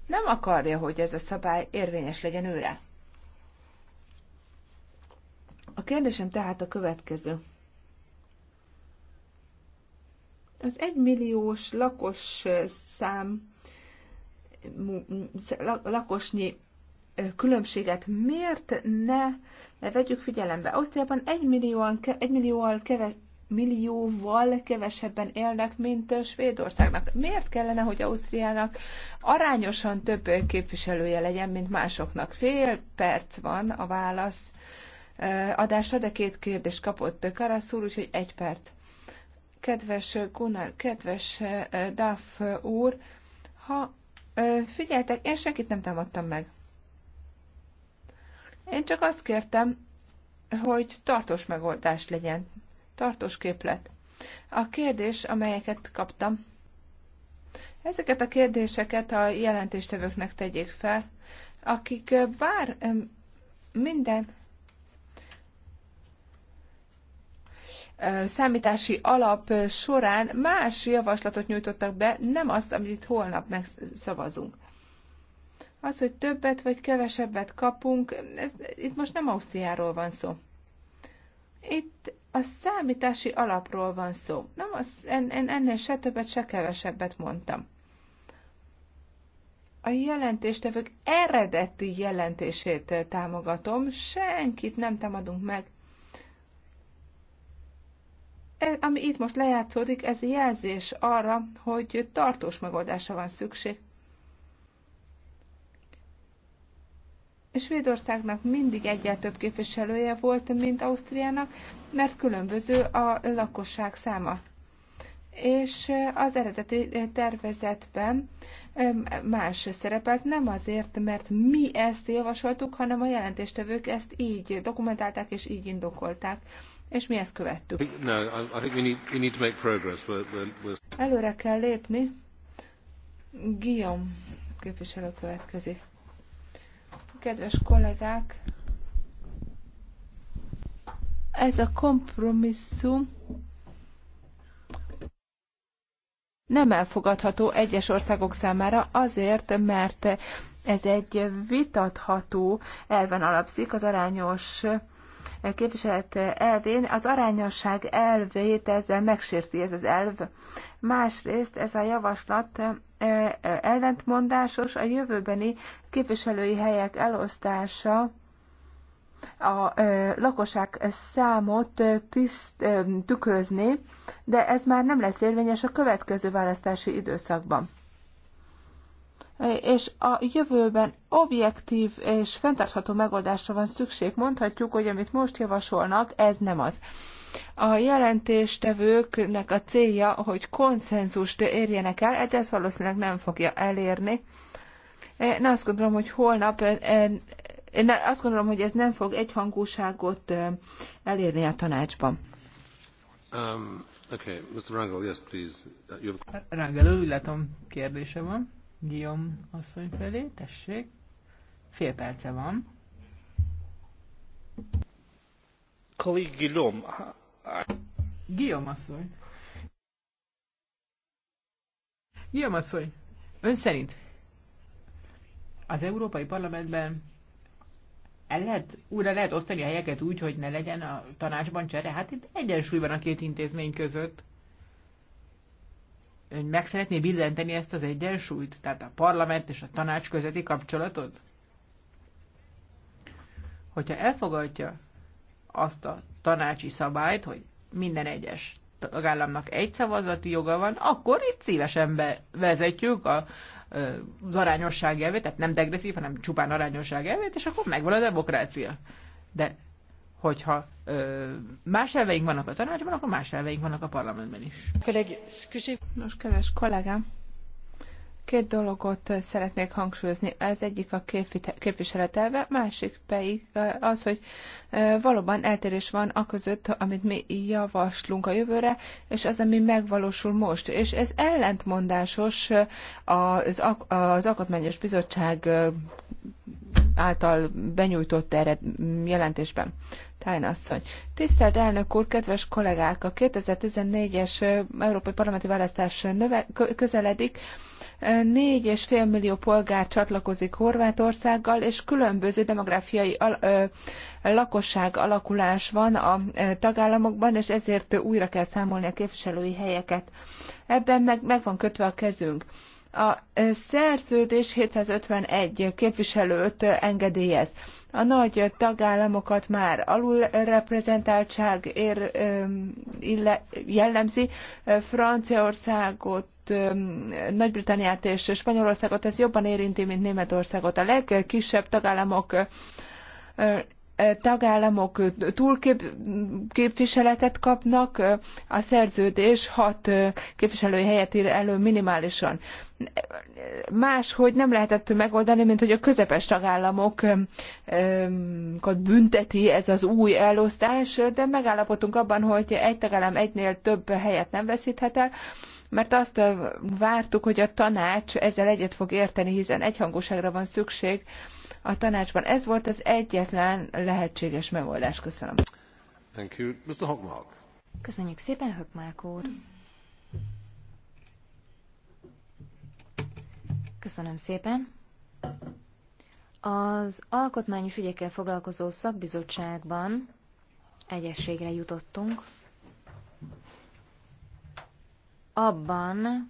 nem akarja, hogy ez a szabály érvényes legyen őre. A kérdésem tehát a következő. Az egymilliós lakos szám lakosnyi különbséget miért ne vegyük figyelembe? Ausztriában egymillióan, egymillióval kevet, millióval kevesebben élnek, mint Svédországnak. Miért kellene, hogy Ausztriának arányosan több képviselője legyen, mint másoknak? Fél perc van a válasz adásra, de két kérdést kapott Karaszul, úgyhogy egy perc. Kedves Gunnar, kedves Duff úr, ha figyeltek, én senkit nem támadtam meg. Én csak azt kértem, hogy tartós megoldás legyen tartós képlet. A kérdés, amelyeket kaptam, ezeket a kérdéseket a jelentéstevőknek tegyék fel, akik bár minden számítási alap során más javaslatot nyújtottak be, nem azt, amit itt holnap megszavazunk. Az, hogy többet vagy kevesebbet kapunk, ez, itt most nem Ausztriáról van szó. Itt a számítási alapról van szó. Nem, az, en, en, ennél se többet, se kevesebbet mondtam. A jelentéstevők eredeti jelentését támogatom, senkit nem támadunk meg. Ez, ami itt most lejátszódik, ez jelzés arra, hogy tartós megoldásra van szükség. Svédországnak mindig egyel több képviselője volt, mint Ausztriának, mert különböző a lakosság száma. És az eredeti tervezetben más szerepelt, nem azért, mert mi ezt javasoltuk, hanem a jelentéstevők ezt így dokumentálták és így indokolták. És mi ezt követtük. Előre kell lépni. Guillaume képviselő következik kedves kollégák! Ez a kompromisszum nem elfogadható egyes országok számára azért, mert ez egy vitatható elven alapszik az arányos képviselet elvén, az arányosság elvét ezzel megsérti ez az elv. Másrészt ez a javaslat E, e, ellentmondásos, a jövőbeni képviselői helyek elosztása a e, lakosság számot tiszt, tükrözni, de ez már nem lesz érvényes a következő választási időszakban. És a jövőben objektív és fenntartható megoldásra van szükség. Mondhatjuk, hogy amit most javasolnak, ez nem az. A jelentéstevőknek a célja, hogy konszenzust érjenek el, hát ez valószínűleg nem fogja elérni. Én azt gondolom, hogy holnap, eh, eh, én azt gondolom, hogy ez nem fog egyhangúságot eh, elérni a tanácsban. Um, okay. Mr. Rangel, yes, please. Uh, you have... Rangel, úgy látom, kérdése van. Guillaume asszony felé, tessék. Fél perce van. Colleague Guillaume, Guillaume asszony. Guillaume asszony, ön szerint az Európai Parlamentben el lehet, újra lehet osztani a helyeket úgy, hogy ne legyen a tanácsban csere? Hát itt van a két intézmény között. Ön meg szeretné billenteni ezt az egyensúlyt? Tehát a parlament és a tanács közötti kapcsolatot? Hogyha elfogadja azt a tanácsi szabályt, hogy minden egyes tagállamnak egy szavazati joga van, akkor itt szívesen bevezetjük a, az arányosság elvét, tehát nem degresszív, hanem csupán arányosság elvét, és akkor megvan a demokrácia. De hogyha ö, más elveink vannak a tanácsban, akkor más elveink vannak a parlamentben is. Nos, kedves kollégám, Két dologot szeretnék hangsúlyozni. Az egyik a képviseletelve, másik pedig az, hogy valóban eltérés van a között, amit mi javaslunk a jövőre, és az, ami megvalósul most. És ez ellentmondásos az, az Alkotmányos Bizottság által benyújtott erre jelentésben. Tájna asszony. Tisztelt elnök úr, kedves kollégák! A 2014-es európai parlamenti választás növe, közeledik. 4,5 millió polgár csatlakozik Horvátországgal, és különböző demográfiai al- ö, lakosság alakulás van a tagállamokban, és ezért újra kell számolni a képviselői helyeket. Ebben meg, meg van kötve a kezünk. A szerződés 751 képviselőt engedélyez. A nagy tagállamokat már alulreprezentáltság ér, jellemzi. Franciaországot nagy-Britanniát és Spanyolországot ez jobban érinti, mint Németországot. A legkisebb tagállamok tagállamok túlképviseletet kapnak, a szerződés hat képviselői helyet ír elő minimálisan. Máshogy nem lehetett megoldani, mint hogy a közepes tagállamokat bünteti ez az új elosztás, de megállapodtunk abban, hogy egy tagállam egynél több helyet nem veszíthet el, mert azt vártuk, hogy a tanács ezzel egyet fog érteni, hiszen egyhangúságra van szükség, a tanácsban. Ez volt az egyetlen lehetséges megoldás. Köszönöm. Thank you. Mr. Hockmark. Köszönjük szépen, Hökmák úr. Köszönöm szépen. Az alkotmányos ügyekkel foglalkozó szakbizottságban egyességre jutottunk abban,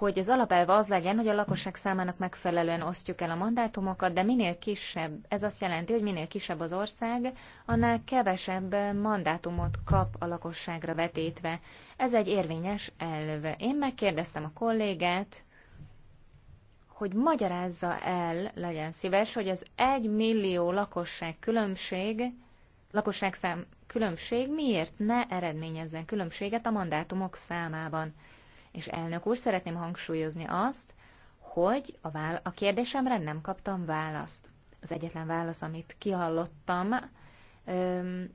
hogy az alapelve az legyen, hogy a lakosság számának megfelelően osztjuk el a mandátumokat, de minél kisebb, ez azt jelenti, hogy minél kisebb az ország, annál kevesebb mandátumot kap a lakosságra vetítve. Ez egy érvényes elv. Én megkérdeztem a kollégát, hogy magyarázza el, legyen szíves, hogy az egy millió lakosság különbség, lakosságszám különbség miért ne eredményezzen különbséget a mandátumok számában. És elnök úr, szeretném hangsúlyozni azt, hogy a, vál a kérdésemre nem kaptam választ. Az egyetlen válasz, amit kihallottam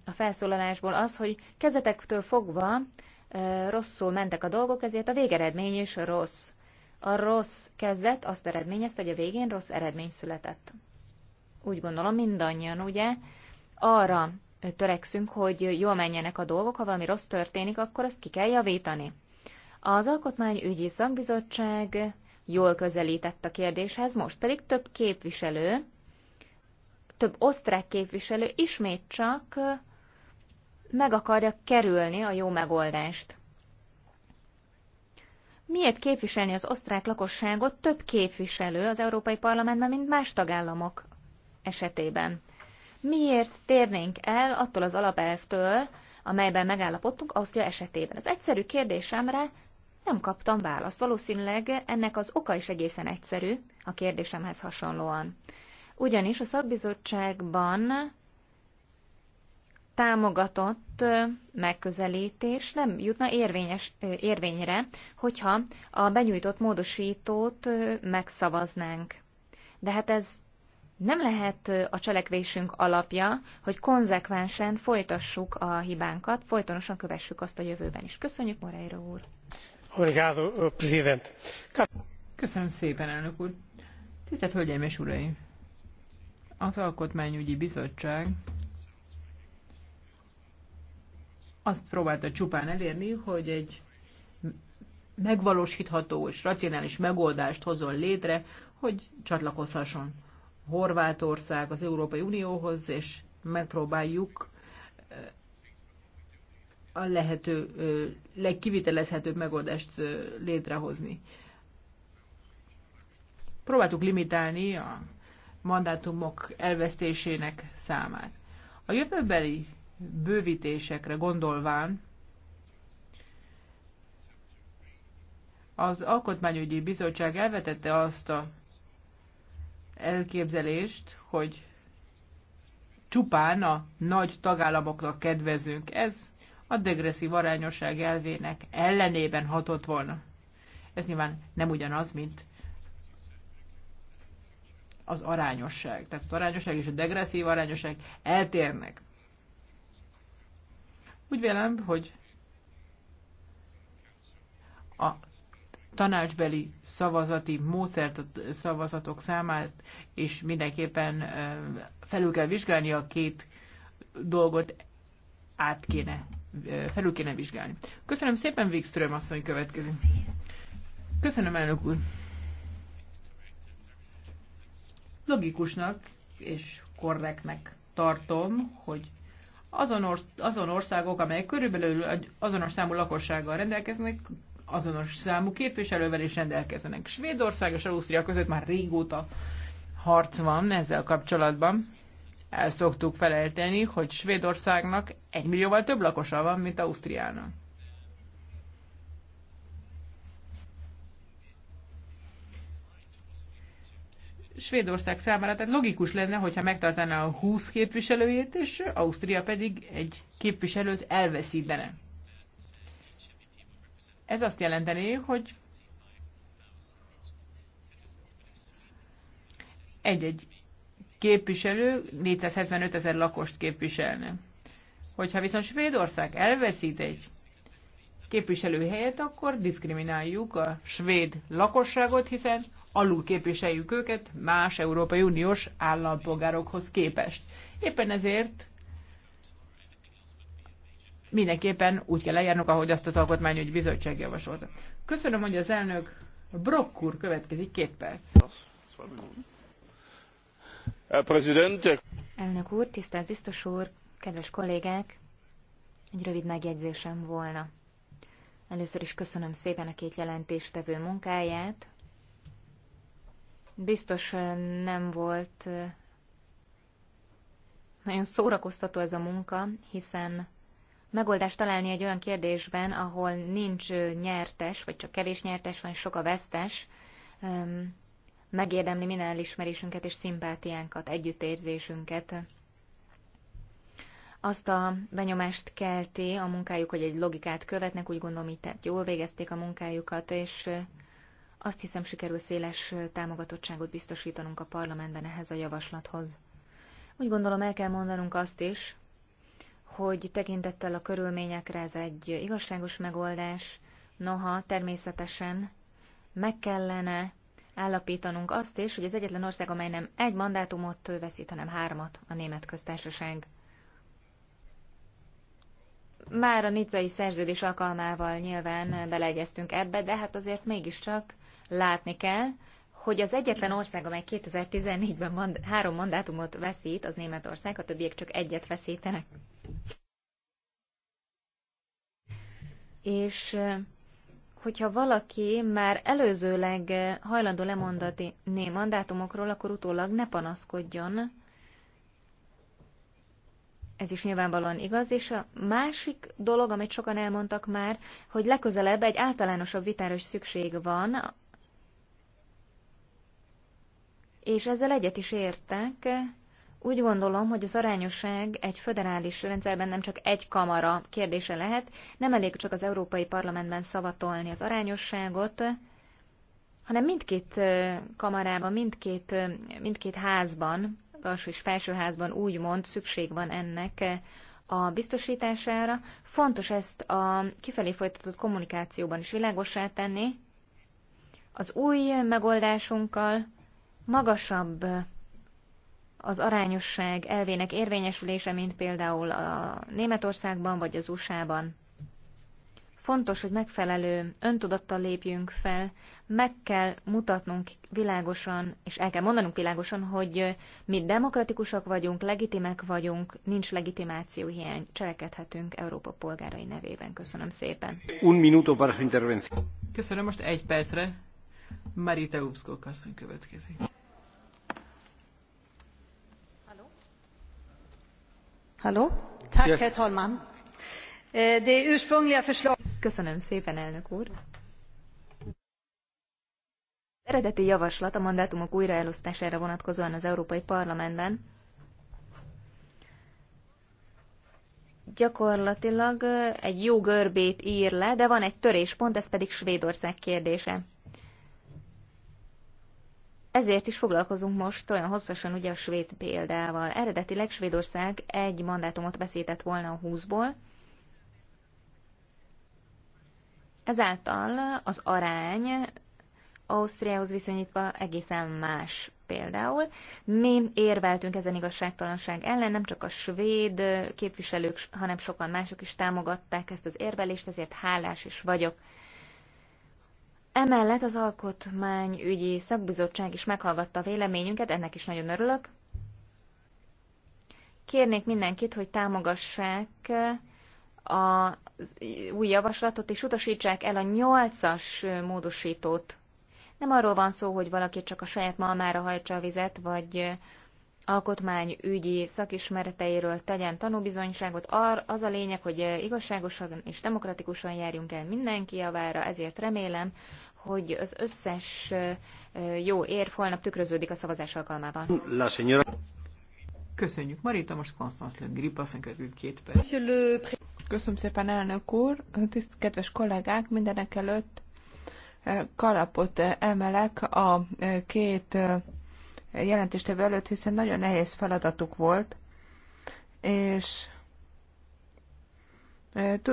a felszólalásból az, hogy kezetektől fogva rosszul mentek a dolgok, ezért a végeredmény is rossz. A rossz kezdet azt eredményezte, hogy a végén rossz eredmény született. Úgy gondolom mindannyian, ugye, arra törekszünk, hogy jól menjenek a dolgok, ha valami rossz történik, akkor azt ki kell javítani. Az Alkotmányügyi Szakbizottság jól közelített a kérdéshez, most pedig több képviselő, több osztrák képviselő ismét csak meg akarja kerülni a jó megoldást. Miért képviselni az osztrák lakosságot több képviselő az Európai Parlamentben, mint más tagállamok esetében? Miért térnénk el attól az alapelvtől, amelyben megállapodtunk Ausztria esetében? Az egyszerű kérdésemre nem kaptam választ. Valószínűleg ennek az oka is egészen egyszerű, a kérdésemhez hasonlóan. Ugyanis a szakbizottságban támogatott megközelítés nem jutna érvényes, érvényre, hogyha a benyújtott módosítót megszavaznánk. De hát ez nem lehet a cselekvésünk alapja, hogy konzekvensen folytassuk a hibánkat, folytonosan kövessük azt a jövőben is. Köszönjük, Moreira úr! Eh, Köszönöm szépen, Tisztelt Hölgyeim és Uraim! Az Alkotmányügyi Bizottság azt próbálta csupán elérni, hogy egy megvalósítható és racionális megoldást hozzon létre, hogy csatlakozhasson Horvátország az Európai Unióhoz, és megpróbáljuk a lehető legkivitelezhetőbb megoldást létrehozni. Próbáltuk limitálni a mandátumok elvesztésének számát. A jövőbeli bővítésekre gondolván az Alkotmányügyi Bizottság elvetette azt a elképzelést, hogy csupán a nagy tagállamoknak kedvezünk. Ez a degresszív arányosság elvének ellenében hatott volna. Ez nyilván nem ugyanaz, mint az arányosság. Tehát az arányosság és a degresszív arányosság eltérnek. Úgy vélem, hogy a tanácsbeli szavazati módszert, szavazatok számát, és mindenképpen felül kell vizsgálni a két dolgot, át kéne felül kéne vizsgálni. Köszönöm szépen, Wikström asszony következik. Köszönöm, elnök úr. Logikusnak és korrektnek tartom, hogy azon, or- azon országok, amelyek körülbelül azonos számú lakossággal rendelkeznek, azonos számú képviselővel is rendelkezenek. Svédország és Ausztria között már régóta harc van ezzel kapcsolatban. El szoktuk felejteni, hogy Svédországnak egy millióval több lakosa van, mint Ausztriának. Svédország számára, tehát logikus lenne, hogyha megtartaná a 20 képviselőjét, és Ausztria pedig egy képviselőt elveszítene. Ez azt jelenteni, hogy egy-egy képviselő 475 ezer lakost képviselne. Hogyha viszont Svédország elveszít egy képviselőhelyet, akkor diszkrimináljuk a svéd lakosságot, hiszen alul képviseljük őket más Európai Uniós állampolgárokhoz képest. Éppen ezért mindenképpen úgy kell lejárnunk, ahogy azt az Alkotmányügyi Bizottság javasolta. Köszönöm, hogy az elnök Brokkur következik két perc. Elnök úr, tisztelt biztos úr, kedves kollégák! Egy rövid megjegyzésem volna. Először is köszönöm szépen a két jelentéstevő munkáját. Biztos nem volt nagyon szórakoztató ez a munka, hiszen megoldást találni egy olyan kérdésben, ahol nincs nyertes, vagy csak kevés nyertes, van sok a vesztes, megérdemli minden elismerésünket és szimpátiánkat, együttérzésünket. Azt a benyomást kelti a munkájuk, hogy egy logikát követnek, úgy gondolom így tehát jól végezték a munkájukat, és azt hiszem sikerül széles támogatottságot biztosítanunk a parlamentben ehhez a javaslathoz. Úgy gondolom el kell mondanunk azt is, hogy tekintettel a körülményekre ez egy igazságos megoldás, noha természetesen meg kellene állapítanunk azt is, hogy az egyetlen ország, amely nem egy mandátumot veszít, hanem hármat, a német köztársaság. Már a nicai szerződés alkalmával nyilván beleegyeztünk ebbe, de hát azért mégiscsak látni kell, hogy az egyetlen ország, amely 2014-ben mand- három mandátumot veszít, az Németország, a többiek csak egyet veszítenek. És hogyha valaki már előzőleg hajlandó lemondani mandátumokról, akkor utólag ne panaszkodjon. Ez is nyilvánvalóan igaz, és a másik dolog, amit sokan elmondtak már, hogy legközelebb egy általánosabb vitára is szükség van, és ezzel egyet is értek, úgy gondolom, hogy az arányosság egy föderális rendszerben nem csak egy kamara kérdése lehet, nem elég csak az Európai Parlamentben szavatolni az arányosságot, hanem mindkét kamarában, mindkét, mindkét házban, alsó és felsőházban úgymond szükség van ennek a biztosítására. Fontos ezt a kifelé folytatott kommunikációban is világossá tenni. Az új megoldásunkkal magasabb az arányosság elvének érvényesülése, mint például a Németországban vagy az USA-ban. Fontos, hogy megfelelő öntudattal lépjünk fel, meg kell mutatnunk világosan, és el kell mondanunk világosan, hogy mi demokratikusak vagyunk, legitimek vagyunk, nincs legitimáció hiány, cselekedhetünk Európa polgárai nevében. Köszönöm szépen. Un minuto para su intervención. Köszönöm, most egy percre. Marita Ubszkó asszony következik. herr talman! Eh, det ursprungliga förslaget. az eredeti javaslat a mandátumok újraelosztására vonatkozóan az európai parlamentben gyakorlatilag eh, egy jó görbét ír le, de van egy töréspont, ez pedig Svédország kérdése. Ezért is foglalkozunk most olyan hosszasan ugye a svéd példával. Eredetileg Svédország egy mandátumot beszített volna a 20-ból, ezáltal az arány Ausztriához viszonyítva egészen más például. Mi érveltünk ezen igazságtalanság ellen, nem csak a svéd képviselők, hanem sokan mások is támogatták ezt az érvelést, ezért hálás is vagyok Emellett az Alkotmányügyi Szakbizottság is meghallgatta a véleményünket, ennek is nagyon örülök. Kérnék mindenkit, hogy támogassák eh, az új javaslatot, és utasítsák el a nyolcas eh, módosítót. Nem arról van szó, hogy valaki csak a saját malmára hajtsa a vizet, vagy eh, alkotmányügyi szakismereteiről tegyen tanúbizonyságot. Ar, az a lényeg, hogy igazságosan és demokratikusan járjunk el mindenki javára, ezért remélem, hogy az összes jó érv holnap tükröződik a szavazás alkalmában. La señora... Köszönjük, Marita, most Konstanz Le Grip, aztán körül két perc. Köszönöm szépen, elnök úr, tiszt kedves kollégák, mindenek előtt kalapot emelek a két jelentéstevő előtt, hiszen nagyon nehéz feladatuk volt, és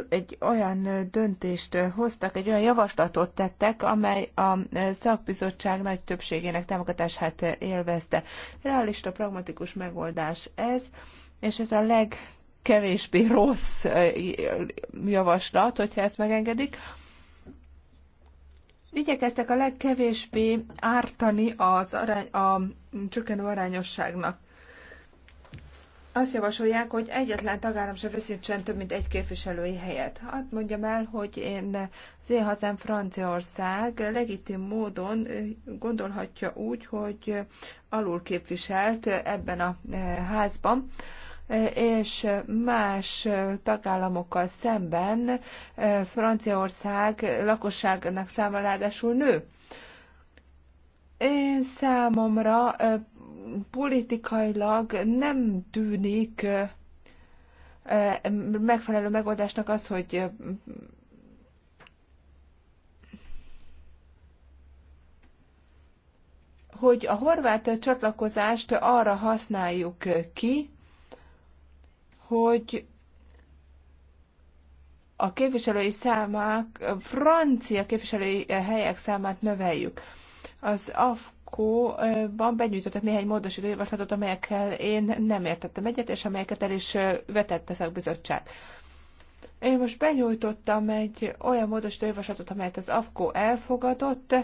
egy olyan döntést hoztak, egy olyan javaslatot tettek, amely a szakbizottság nagy többségének támogatását élvezte. Realista, pragmatikus megoldás ez, és ez a legkevésbé rossz javaslat, hogyha ezt megengedik. Igyekeztek a legkevésbé ártani az arány, a csökkenő arányosságnak azt javasolják, hogy egyetlen tagállam se veszítsen több mint egy képviselői helyet. Hát mondjam el, hogy én, az én hazám Franciaország legitim módon gondolhatja úgy, hogy alul képviselt ebben a házban, és más tagállamokkal szemben Franciaország lakosságnak száma ráadásul nő. Én számomra politikailag nem tűnik megfelelő megoldásnak az, hogy hogy a horvát csatlakozást arra használjuk ki, hogy a képviselői számák, francia képviselői helyek számát növeljük az AFKO-ban benyújtottak néhány módosító javaslatot, amelyekkel én nem értettem egyet, és amelyeket el is vetett a szakbizottság. Én most benyújtottam egy olyan módosító javaslatot, amelyet az AFKO elfogadott,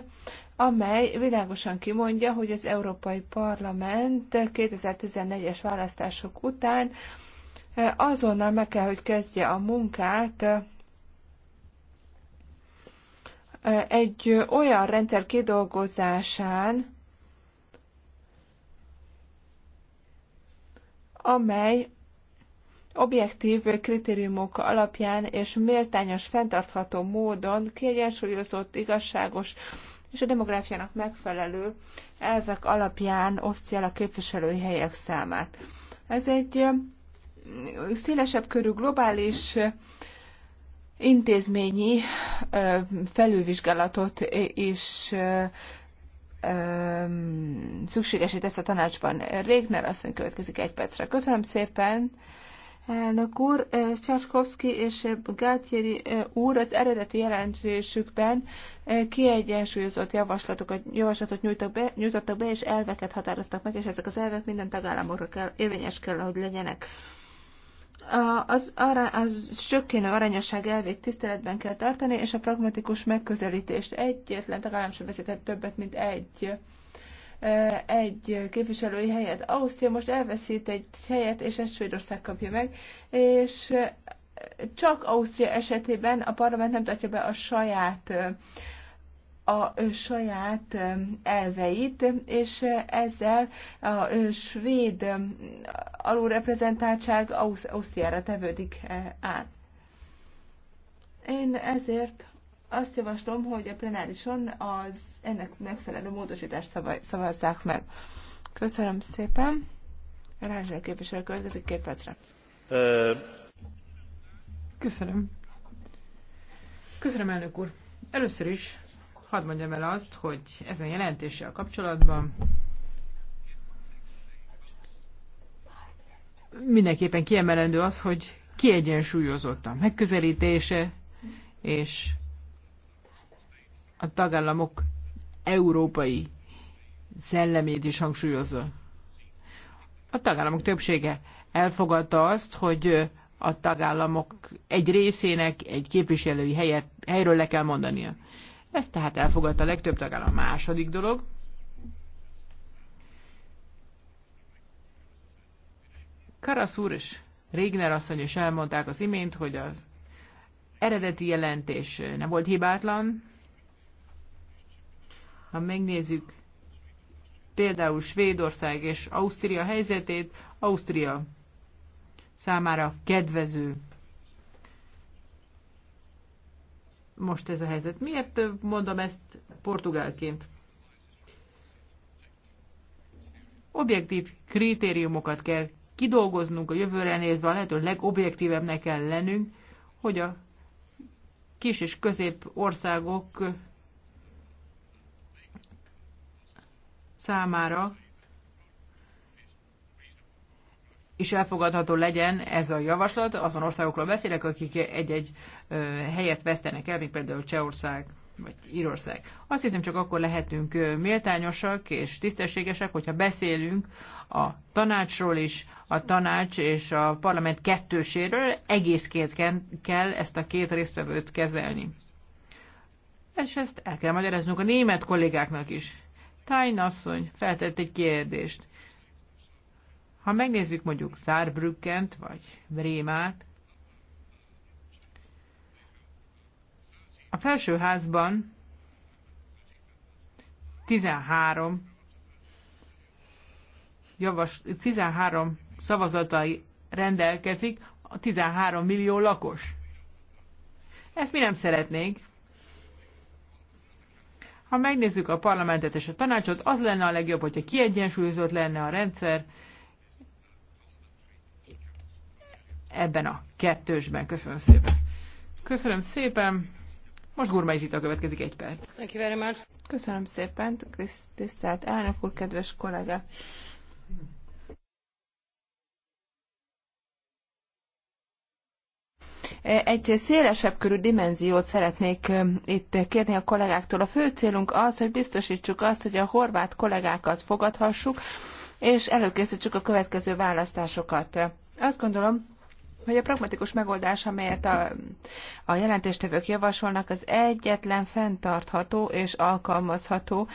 amely világosan kimondja, hogy az Európai Parlament 2014-es választások után azonnal meg kell, hogy kezdje a munkát egy olyan rendszer kidolgozásán, amely objektív kritériumok alapján és méltányos, fenntartható módon kiegyensúlyozott, igazságos és a demográfiának megfelelő elvek alapján osztja el a képviselői helyek számát. Ez egy szélesebb körű globális intézményi felülvizsgálatot is szükségesé tesz a tanácsban. Régner asszony következik egy percre. Köszönöm szépen! Elnök úr, Csarkovszki és Gáltieri úr az eredeti jelentésükben kiegyensúlyozott javaslatokat, javaslatot nyújtak be, nyújtottak be, és elveket határoztak meg, és ezek az elvek minden tagállamokra kell, érvényes kell, hogy legyenek az, ará, az sökkénő arányosság elvét tiszteletben kell tartani, és a pragmatikus megközelítést. Egyetlen legalább sem vezetett többet, mint egy egy képviselői helyet. Ausztria most elveszít egy helyet, és ezt Svédország kapja meg, és csak Ausztria esetében a parlament nem tartja be a saját a saját um, elveit, és ezzel a um, svéd um, alulreprezentáltság Ausztriára tevődik eh, át. Én ezért azt javaslom, hogy a plenárison az ennek megfelelő módosítást szavazzák meg. Köszönöm szépen. Rázsel képviselő következik két percre. Köszönöm. Köszönöm, elnök úr. Először is hadd mondjam el azt, hogy ezen jelentéssel kapcsolatban mindenképpen kiemelendő az, hogy kiegyensúlyozott a megközelítése, és a tagállamok európai szellemét is hangsúlyozza. A tagállamok többsége elfogadta azt, hogy a tagállamok egy részének egy képviselői helyet, helyről le kell mondania. Ezt tehát elfogadta a legtöbb tagállam. A második dolog, Karasz úr és Régner asszony is elmondták az imént, hogy az eredeti jelentés nem volt hibátlan. Ha megnézzük például Svédország és Ausztria helyzetét, Ausztria számára kedvező most ez a helyzet. Miért mondom ezt portugálként? Objektív kritériumokat kell kidolgoznunk a jövőre nézve, a lehető legobjektívebbnek kell lennünk, hogy a kis és közép országok számára és elfogadható legyen ez a javaslat. Azon országokról beszélek, akik egy-egy helyet vesztenek el, mint például Csehország vagy Írország. Azt hiszem, csak akkor lehetünk méltányosak és tisztességesek, hogyha beszélünk a tanácsról is, a tanács és a parlament kettőséről, egészként kell ezt a két résztvevőt kezelni. És ezt el kell magyaráznunk a német kollégáknak is. Tájnasszony feltett egy kérdést. Ha megnézzük mondjuk Saarbrückent vagy Brémát, a felsőházban 13 javas, 13 szavazatai rendelkezik a 13 millió lakos. Ezt mi nem szeretnénk. Ha megnézzük a parlamentet és a tanácsot, az lenne a legjobb, hogyha kiegyensúlyozott lenne a rendszer, ebben a kettősben. Köszönöm szépen. Köszönöm szépen. Most Gurmai Zita következik egy perc. Thank you very much. Köszönöm szépen, tisztelt elnök úr, kedves kollega. Egy szélesebb körű dimenziót szeretnék itt kérni a kollégáktól. A fő célunk az, hogy biztosítsuk azt, hogy a horvát kollégákat fogadhassuk, és előkészítsük a következő választásokat. Azt gondolom, hogy a pragmatikus megoldás, amelyet a, a jelentéstevők javasolnak, az egyetlen fenntartható és alkalmazható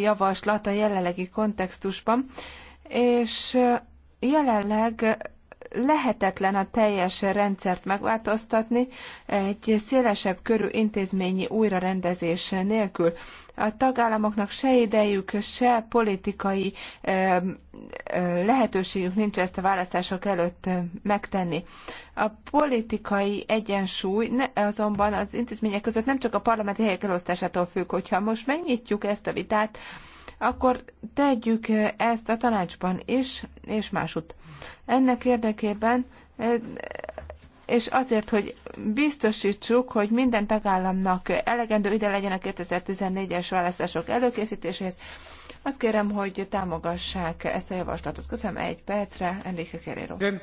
javaslat a jelenlegi kontextusban, és jelenleg lehetetlen a teljes rendszert megváltoztatni egy szélesebb körű intézményi újrarendezés nélkül. A tagállamoknak se idejük, se politikai lehetőségük nincs ezt a választások előtt megtenni. A politikai egyensúly azonban az intézmények között nem csak a parlamenti helyek elosztásától függ, hogyha most megnyitjuk ezt a vitát, akkor tegyük eh, ezt a tanácsban is, és másutt. Ennek érdekében eh, és azért, hogy biztosítsuk, hogy minden tagállamnak elegendő ide legyen a 2014-es választások előkészítéséhez, azt kérem, hogy támogassák ezt a javaslatot. Köszönöm egy percre, Enrique Guerrero.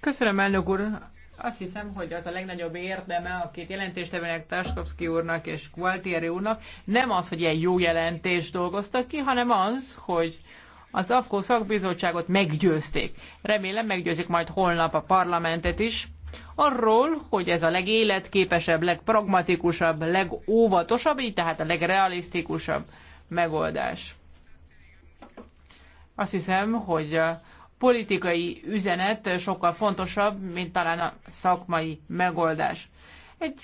Köszönöm, elnök úr. Azt hiszem, hogy az a legnagyobb érdeme a két jelentéstevőnek, Taskovski úrnak és Gualtieri úrnak nem az, hogy ilyen jó jelentést dolgoztak ki, hanem az, hogy az AFKO szakbizottságot meggyőzték. Remélem meggyőzik majd holnap a parlamentet is, arról, hogy ez a legéletképesebb, legpragmatikusabb, legóvatosabb, így tehát a legrealisztikusabb megoldás. Azt hiszem, hogy politikai üzenet sokkal fontosabb, mint talán a szakmai megoldás. Egy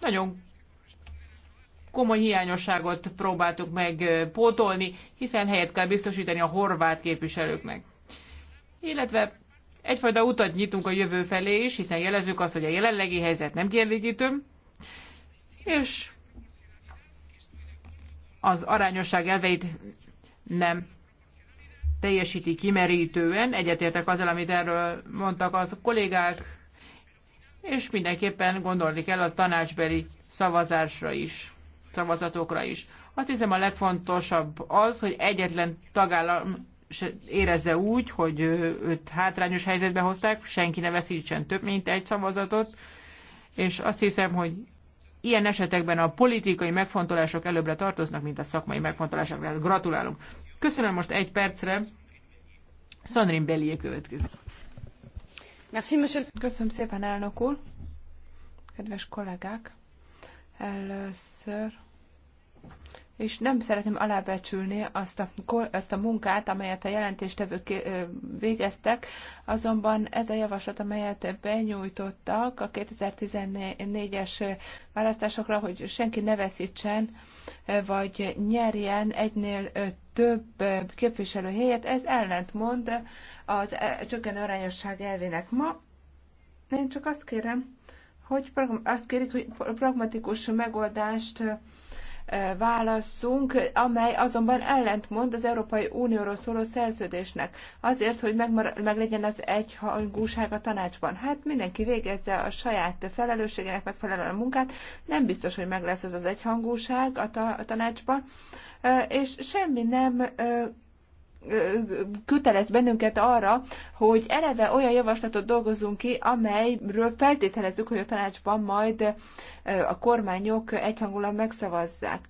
nagyon komoly hiányosságot próbáltuk meg pótolni, hiszen helyet kell biztosítani a horvát képviselőknek. Illetve egyfajta utat nyitunk a jövő felé is, hiszen jelezzük azt, hogy a jelenlegi helyzet nem kielégítő, és az arányosság elveit nem teljesíti kimerítően, egyetértek azzal, amit erről mondtak az kollégák, és mindenképpen gondolni kell a tanácsbeli szavazásra is, szavazatokra is. Azt hiszem a legfontosabb az, hogy egyetlen tagállam érezze úgy, hogy őt hátrányos helyzetbe hozták, senki ne veszítsen több mint egy szavazatot, és azt hiszem, hogy ilyen esetekben a politikai megfontolások előbbre tartoznak, mint a szakmai megfontolások. Gratulálunk! Köszönöm most egy percre. Sandrine Bellier következik. Köszönöm szépen, elnök úr. Kedves kollégák, először és nem szeretném alábecsülni azt a, azt a munkát, amelyet a jelentéstevők végeztek, azonban ez a javaslat, amelyet benyújtottak a 2014-es választásokra, hogy senki ne veszítsen, vagy nyerjen egynél több képviselő helyet, ez ellentmond az csökkenő arányosság elvének. Ma én csak azt kérem, hogy azt kérik, hogy pragmatikus megoldást válaszunk, amely azonban ellentmond az Európai Unióról szóló szerződésnek, azért, hogy megmar- meglegyen az egyhangúság a tanácsban. Hát mindenki végezze a saját felelősségének megfelelően a munkát, nem biztos, hogy meg lesz ez az egyhangúság a, ta- a tanácsban, és semmi nem kötelez bennünket arra, hogy eleve olyan javaslatot dolgozunk ki, amelyről feltételezzük, hogy a tanácsban majd a kormányok egyhangulan megszavazzák.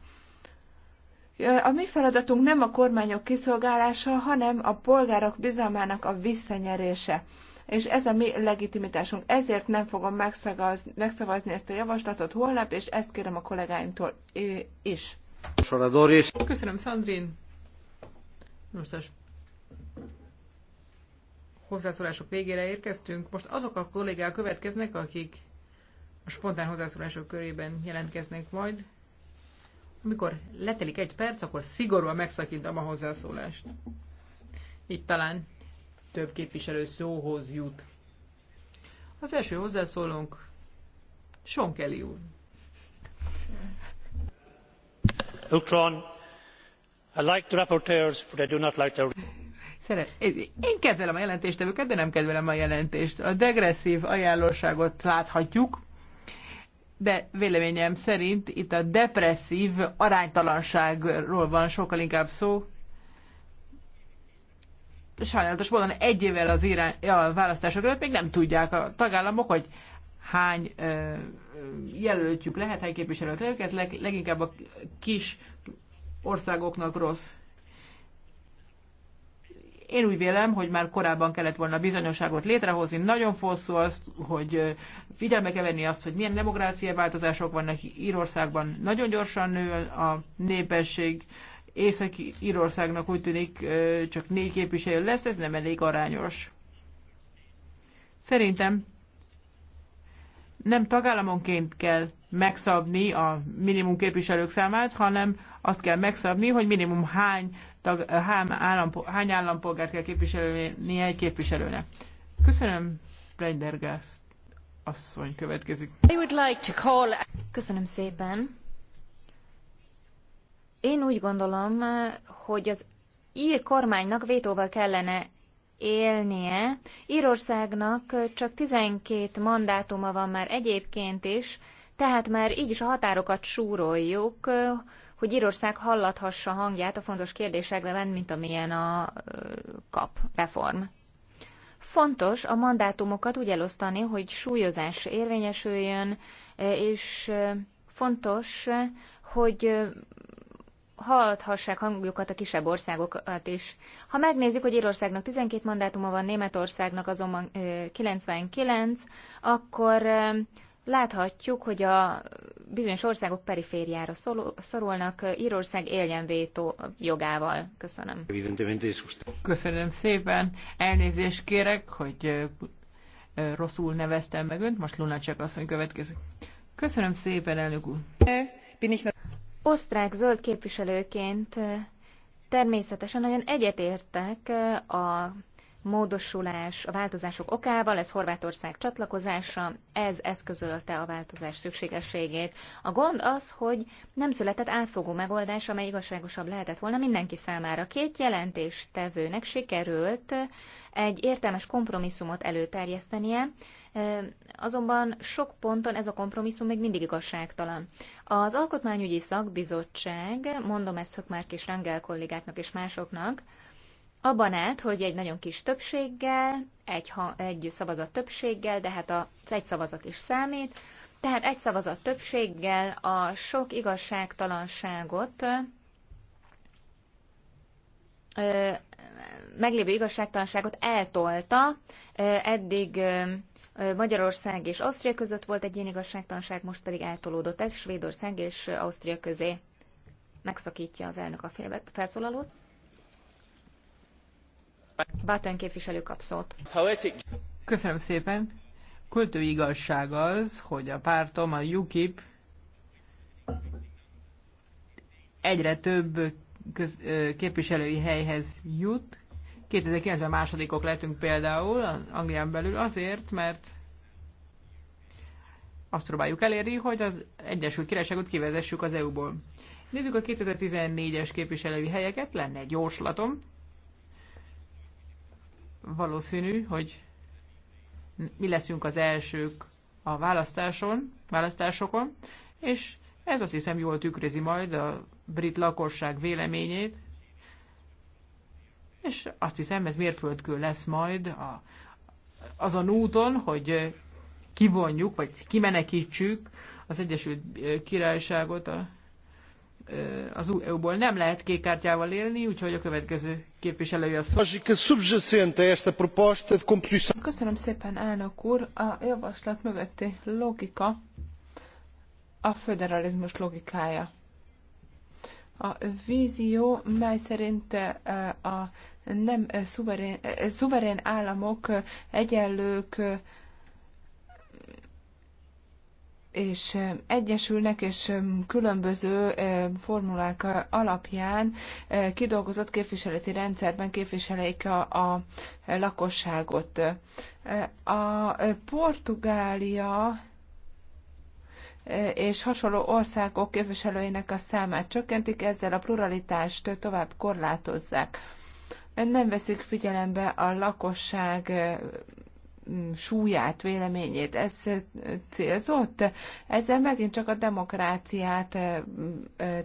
A mi feladatunk nem a kormányok kiszolgálása, hanem a polgárok bizalmának a visszanyerése. És ez a mi legitimitásunk. Ezért nem fogom megszavazni, megszavazni ezt a javaslatot holnap, és ezt kérem a kollégáimtól is. Köszönöm, Szandrin. Most a hozzászólások végére érkeztünk. Most azok a kollégák következnek, akik a spontán hozzászólások körében jelentkeznek majd. Amikor letelik egy perc, akkor szigorúan megszakítom a hozzászólást. Itt talán több képviselő szóhoz jut. Az első hozzászólónk Sean Kelly úr. Ukrán én kedvelem a jelentéstevőket, de nem kedvelem a jelentést. A degresszív ajánlóságot láthatjuk, de véleményem szerint itt a depresszív aránytalanságról van sokkal inkább szó. Sajnálatos módon egy évvel az irány, a választások előtt még nem tudják a tagállamok, hogy hány ö, jelöltjük lehet, hány képviselőt lehet, leginkább a kis országoknak rossz. Én úgy vélem, hogy már korábban kellett volna bizonyosságot létrehozni. Nagyon fosszú azt, hogy figyelme kell venni azt, hogy milyen demográfiai változások vannak Írországban. Nagyon gyorsan nő a népesség. Észak-Írországnak úgy tűnik csak négy képviselő lesz, ez nem elég arányos. Szerintem nem tagállamonként kell megszabni a minimum képviselők számát, hanem azt kell megszabni, hogy minimum hány, tag, hány, állampolgár hány állampolgár kell képviselni egy képviselőnek. Köszönöm, Brendergast asszony következik. I would like to call... Köszönöm szépen. Én úgy gondolom, hogy az ír kormánynak vétóval kellene élnie. Írországnak csak 12 mandátuma van már egyébként is, tehát már így is a határokat súroljuk, hogy Írország hallathassa hangját a fontos kérdésekben, mint amilyen a kap reform. Fontos a mandátumokat úgy elosztani, hogy súlyozás érvényesüljön, és fontos, hogy hallhassák hangjukat a kisebb országokat is. Ha megnézzük, hogy Írországnak 12 mandátuma van, Németországnak azonban 99, akkor láthatjuk, hogy a bizonyos országok perifériára szorulnak, Írország éljen vétó jogával. Köszönöm. Köszönöm szépen. Elnézést kérek, hogy rosszul neveztem meg önt, most azt asszony következik. Köszönöm szépen, elnök úr. Osztrák zöld képviselőként természetesen nagyon egyetértek a módosulás, a változások okával, ez Horvátország csatlakozása, ez eszközölte a változás szükségességét. A gond az, hogy nem született átfogó megoldás, amely igazságosabb lehetett volna mindenki számára. Két jelentéstevőnek sikerült egy értelmes kompromisszumot előterjesztenie, azonban sok ponton ez a kompromisszum még mindig igazságtalan. Az Alkotmányügyi Szakbizottság, mondom ezt Hökmárk és Rangel kollégáknak és másoknak, abban állt, hogy egy nagyon kis többséggel, egy, ha, egy szavazat többséggel, de hát az egy szavazat is számít, tehát egy szavazat többséggel a sok igazságtalanságot meglévő igazságtalanságot eltolta. Eddig Magyarország és Ausztria között volt egy ilyen igazságtalanság, most pedig eltolódott ez Svédország és Ausztria közé. Megszakítja az elnök a felszólalót. Bátön képviselő kap szót. Köszönöm szépen. Költő igazság az, hogy a pártom, a UKIP egyre több köz, képviselői helyhez jut. 2009-ben másodikok lettünk például Anglián belül azért, mert azt próbáljuk elérni, hogy az Egyesült Királyságot kivezessük az EU-ból. Nézzük a 2014-es képviselői helyeket, lenne egy jóslatom. Valószínű, hogy mi leszünk az elsők a választáson, választásokon, és ez azt hiszem jól tükrözi majd a brit lakosság véleményét, és azt hiszem ez mérföldkő lesz majd a, azon úton, hogy kivonjuk, vagy kimenekítsük az Egyesült Királyságot a, az EU-ból. Nem lehet kékkártyával élni, úgyhogy a következő képviselői a szó. Köszönöm szépen, elnök úr. A javaslat mögötti logika a föderalizmus logikája a vízió, mely szerint eh, a nem eh, szuverén, eh, szuverén államok egyenlők és egyesülnek, és különböző formulák alapján kidolgozott képviseleti rendszerben képviselik a, a lakosságot. A Portugália és hasonló országok képviselőinek a számát csökkentik, ezzel a pluralitást tovább korlátozzák. Nem veszik figyelembe a lakosság súlyát, véleményét. Ez célzott? Ezzel megint csak a demokráciát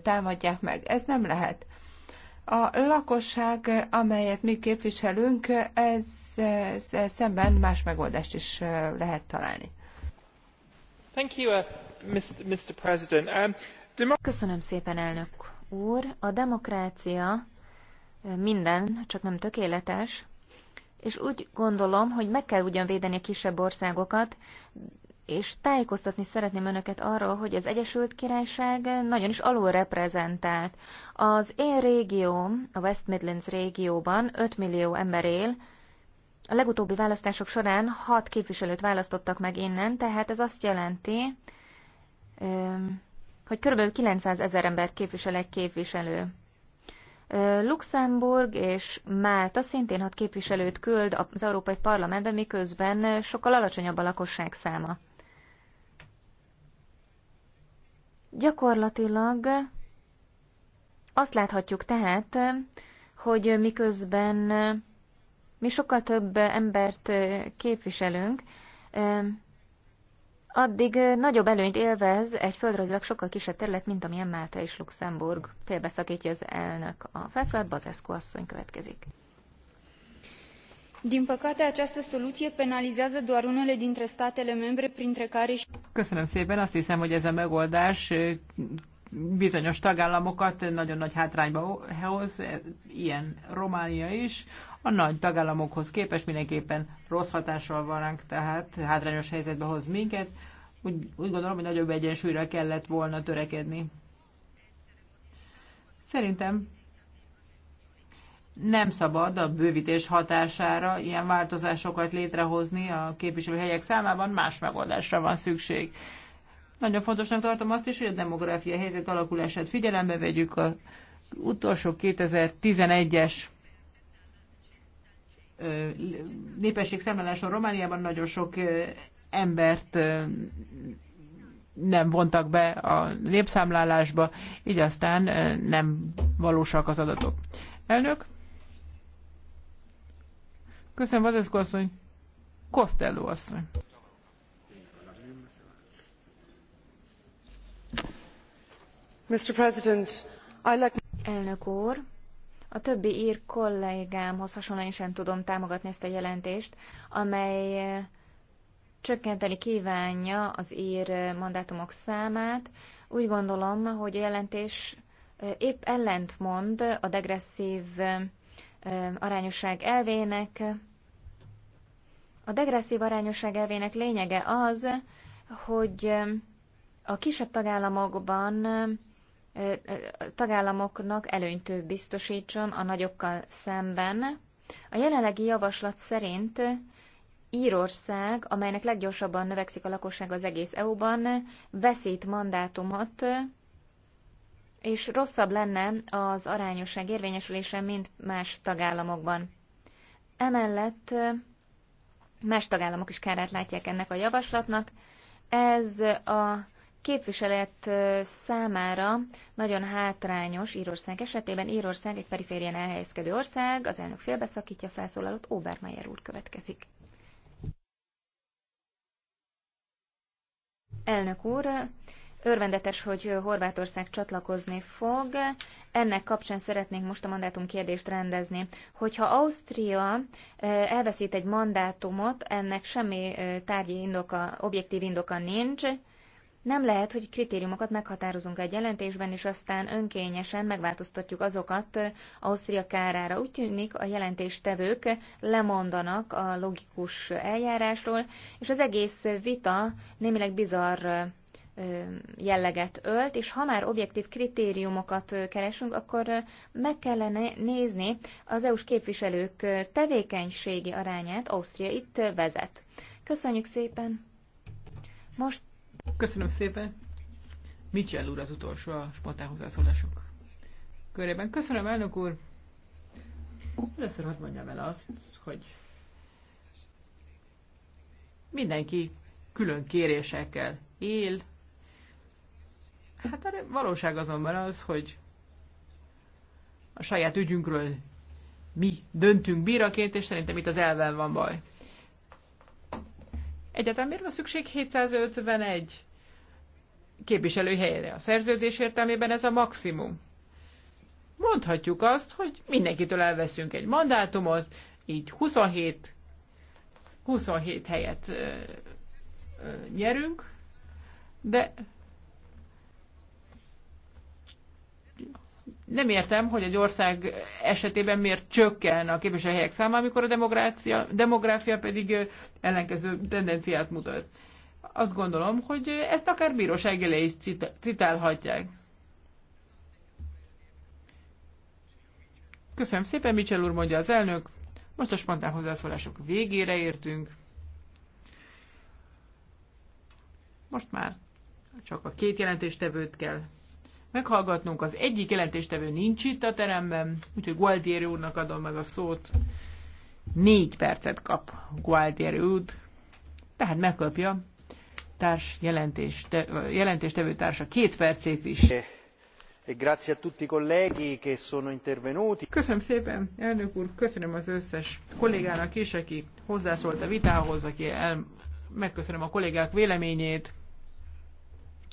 támadják meg. Ez nem lehet. A lakosság, amelyet mi képviselünk, ez, ez szemben más megoldást is lehet találni. Thank you. Um, Köszönöm szépen, elnök úr. A demokrácia minden, csak nem tökéletes, és úgy gondolom, hogy meg kell ugyan védeni a kisebb országokat, és tájékoztatni szeretném önöket arról, hogy az Egyesült Királyság nagyon is alulreprezentált. Az én régióm, a West Midlands régióban 5 millió ember él, a legutóbbi választások során 6 képviselőt választottak meg innen, tehát ez azt jelenti, hogy kb. 900 ezer embert képvisel egy képviselő. Luxemburg és Málta szintén hat képviselőt küld az Európai Parlamentbe, miközben sokkal alacsonyabb a lakosság száma. Gyakorlatilag azt láthatjuk tehát, hogy miközben mi sokkal több embert képviselünk, addig nagyobb előnyt élvez egy földrajzilag sokkal kisebb terület, mint amilyen Málta és Luxemburg. Félbeszakítja az elnök a felszólalt, Bazescu asszony következik. Din păcate, această soluție penalizează doar unele dintre statele membre, printre care și... Köszönöm szépen, azt hiszem, hogy ez a megoldás bizonyos tagállamokat nagyon nagy hátrányba hoz, e, ilyen Románia is, a nagy tagállamokhoz képest mindenképpen rossz hatással van ránk, tehát hátrányos helyzetbe hoz minket. Úgy, úgy gondolom, hogy nagyobb egyensúlyra kellett volna törekedni. Szerintem nem szabad a bővítés hatására ilyen változásokat létrehozni a képviselőhelyek számában, más megoldásra van szükség. Nagyon fontosnak tartom azt is, hogy a demográfia helyzet alakulását figyelembe vegyük. A utolsó 2011-es népesség szemleláson Romániában nagyon sok embert nem vontak be a népszámlálásba, így aztán nem valósak az adatok. Elnök? Köszönöm, Vazeszko asszony. Costello asszony. Mr. President, I like... Elnök úr, a többi ír kollégámhoz hasonlóan sem tudom támogatni ezt a jelentést, amely eh, csökkenteni kívánja az ír eh, mandátumok számát. Úgy gondolom, hogy a jelentés eh, épp ellentmond a degresszív arányosság elvének. A degresszív arányosság elvének lényege az, hogy a kisebb tagállamokban tagállamoknak előnyt biztosítson a nagyokkal szemben. A jelenlegi javaslat szerint Írország, amelynek leggyorsabban növekszik a lakosság az egész EU-ban, veszít mandátumot, és rosszabb lenne az arányosság érvényesülése, mint más tagállamokban. Emellett más tagállamok is kárát látják ennek a javaslatnak. Ez a képviselet számára nagyon hátrányos Írország esetében. Írország egy periférien elhelyezkedő ország, az elnök félbeszakítja felszólalót, Obermeyer úr következik. Elnök úr, örvendetes, hogy Horvátország csatlakozni fog. Ennek kapcsán szeretnénk most a mandátum kérdést rendezni. Hogyha Ausztria elveszít egy mandátumot, ennek semmi tárgyi indoka, objektív indoka nincs, nem lehet, hogy kritériumokat meghatározunk egy jelentésben, és aztán önkényesen megváltoztatjuk azokat eh, Ausztria kárára. Úgy tűnik, a jelentéstevők lemondanak a logikus eljárásról, és az egész vita némileg bizarr eh, jelleget ölt, és ha már objektív kritériumokat eh, keresünk, akkor meg kellene nézni az EU-s képviselők tevékenységi arányát. Ausztria itt vezet. Köszönjük szépen! Most Köszönöm szépen. Mitchell úr az utolsó a spontán hozzászólások körében. Köszönöm, elnök úr. Először hadd mondjam el azt, hogy mindenki külön kérésekkel él. Hát a valóság azonban az, hogy a saját ügyünkről mi döntünk bíraként, és szerintem itt az elven van baj. Egyáltalán miért van szükség 751 képviselői helyre? A szerződés értelmében ez a maximum. Mondhatjuk azt, hogy mindenkitől elveszünk egy mandátumot, így 27, 27 helyet ö, ö, nyerünk, de nem értem, hogy egy ország esetében miért csökken a képviselőhelyek száma, amikor a demográfia, demográfia pedig ellenkező tendenciát mutat. Azt gondolom, hogy ezt akár bíróság elé is citálhatják. Köszönöm szépen, Mitchell úr, mondja az elnök. Most a spontán hozzászólások végére értünk. Most már csak a két jelentéstevőt kell meghallgatnunk. Az egyik jelentéstevő nincs itt a teremben, úgyhogy Gualtieri úrnak adom meg a szót. Négy percet kap Gualtieri úr, tehát megkapja társ jelentéste, jelentéstevő társa két percét is. Eh, e grazie a tutti i colleghi che sono intervenuti. Köszönöm szépen, elnök úr, köszönöm az összes kollégának is, aki hozzászólt a vitához, aki el, megköszönöm a kollégák véleményét,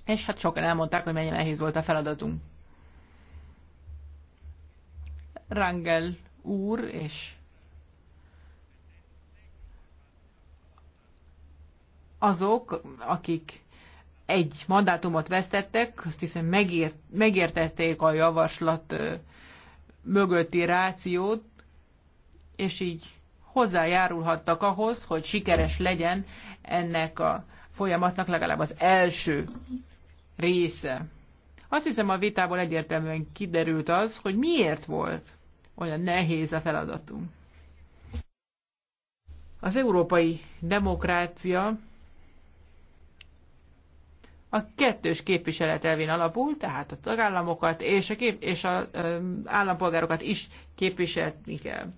és hát sokan elmondták, hogy mennyire nehéz volt a feladatunk. Rangel úr és azok, akik egy mandátumot vesztettek, azt hiszem megért, megértették a javaslat mögötti rációt, és így hozzájárulhattak ahhoz, hogy sikeres legyen ennek a folyamatnak legalább az első része. Azt hiszem a vitából egyértelműen kiderült az, hogy miért volt olyan nehéz a feladatunk. Az európai demokrácia a kettős képviselet elvén alapul, tehát a tagállamokat és a, kép- és a ö, állampolgárokat is képviselni kell.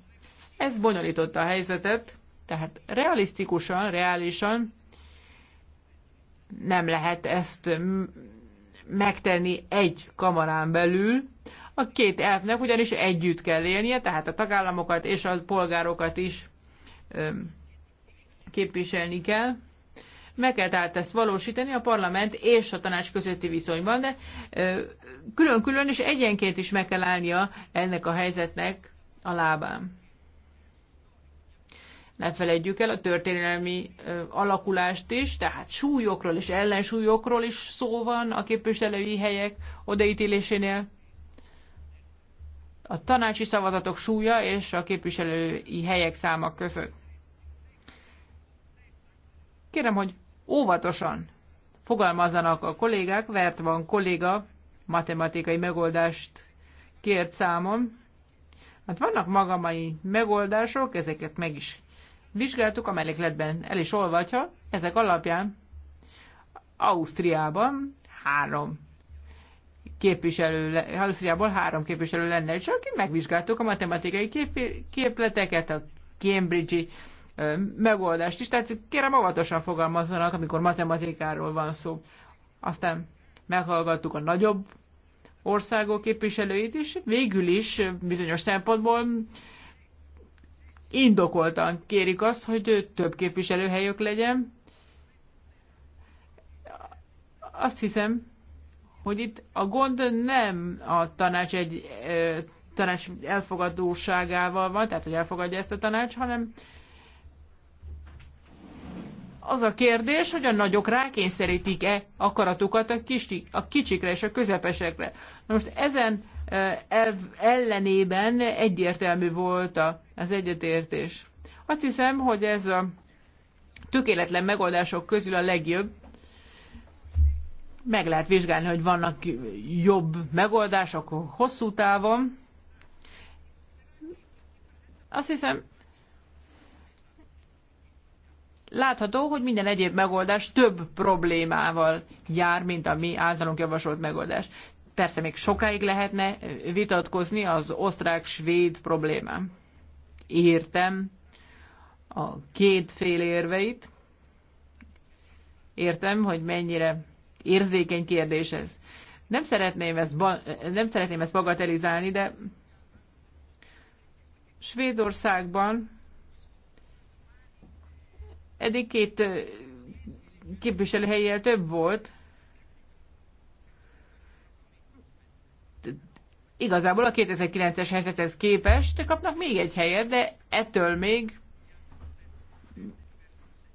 Ez bonyolította a helyzetet, tehát realisztikusan, reálisan nem lehet ezt megtenni egy kamarán belül. A két elfnek ugyanis együtt kell élnie, tehát a tagállamokat és a polgárokat is képviselni kell. Meg kell tehát ezt valósítani a parlament és a tanács közötti viszonyban, de külön-külön és egyenként is meg kell állnia ennek a helyzetnek a lábán. Ne felejtjük el a történelmi alakulást is, tehát súlyokról és ellensúlyokról is szó van a képviselői helyek odaítélésénél. A tanácsi szavazatok súlya és a képviselői helyek száma között. Kérem, hogy óvatosan fogalmazzanak a kollégák, van kolléga matematikai megoldást kért számom. Hát vannak magamai megoldások, ezeket meg is vizsgáltuk, a mellékletben el is olvadja, ezek alapján Ausztriában három képviselő, Ausztriából három képviselő lenne, és akik megvizsgáltuk a matematikai kép, képleteket, a Cambridge-i megoldást is, tehát kérem óvatosan fogalmazzanak, amikor matematikáról van szó. Aztán meghallgattuk a nagyobb országok képviselőit is, végül is bizonyos szempontból indokoltan kérik azt, hogy több képviselőhelyük legyen. Azt hiszem, hogy itt a gond nem a tanács egy tanács elfogadóságával van, tehát hogy elfogadja ezt a tanács, hanem az a kérdés, hogy a nagyok rákényszerítik-e akaratukat a, kis, a kicsikre és a közepesekre. Na most ezen elv ellenében egyértelmű volt az egyetértés. Azt hiszem, hogy ez a tökéletlen megoldások közül a legjobb. Meg lehet vizsgálni, hogy vannak jobb megoldások hosszú távon. Azt hiszem, látható, hogy minden egyéb megoldás több problémával jár, mint a mi általunk javasolt megoldás. Persze még sokáig lehetne vitatkozni az osztrák-svéd problémám. Értem a két fél érveit, értem, hogy mennyire érzékeny kérdés ez. Nem szeretném ezt, nem szeretném ezt bagatelizálni, de Svédországban eddig két képviselőhelyjel több volt, Igazából a 2009-es helyzethez képest kapnak még egy helyet, de ettől még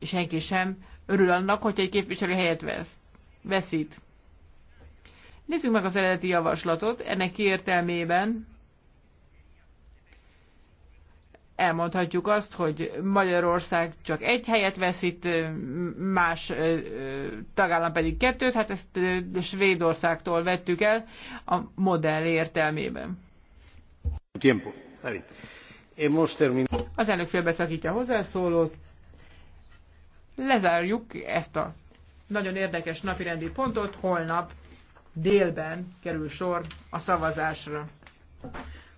senki sem örül annak, hogy egy képviselő helyet vesz, veszít. Nézzük meg az eredeti javaslatot. Ennek értelmében elmondhatjuk azt, hogy Magyarország csak egy helyet veszít, más tagállam pedig kettőt, hát ezt Svédországtól vettük el a modell értelmében. Az elnök félbeszakítja a hozzászólót. Lezárjuk ezt a nagyon érdekes napirendi pontot. Holnap délben kerül sor a szavazásra.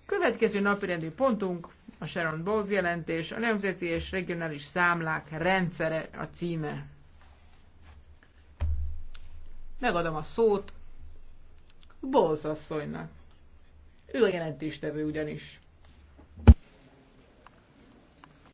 Következő napirendi pontunk a Sharon Bowles jelentés, a Nemzeti és Regionális Számlák rendszere a címe. Megadom a szót Bowles asszonynak. Ő a jelentéstevő ugyanis.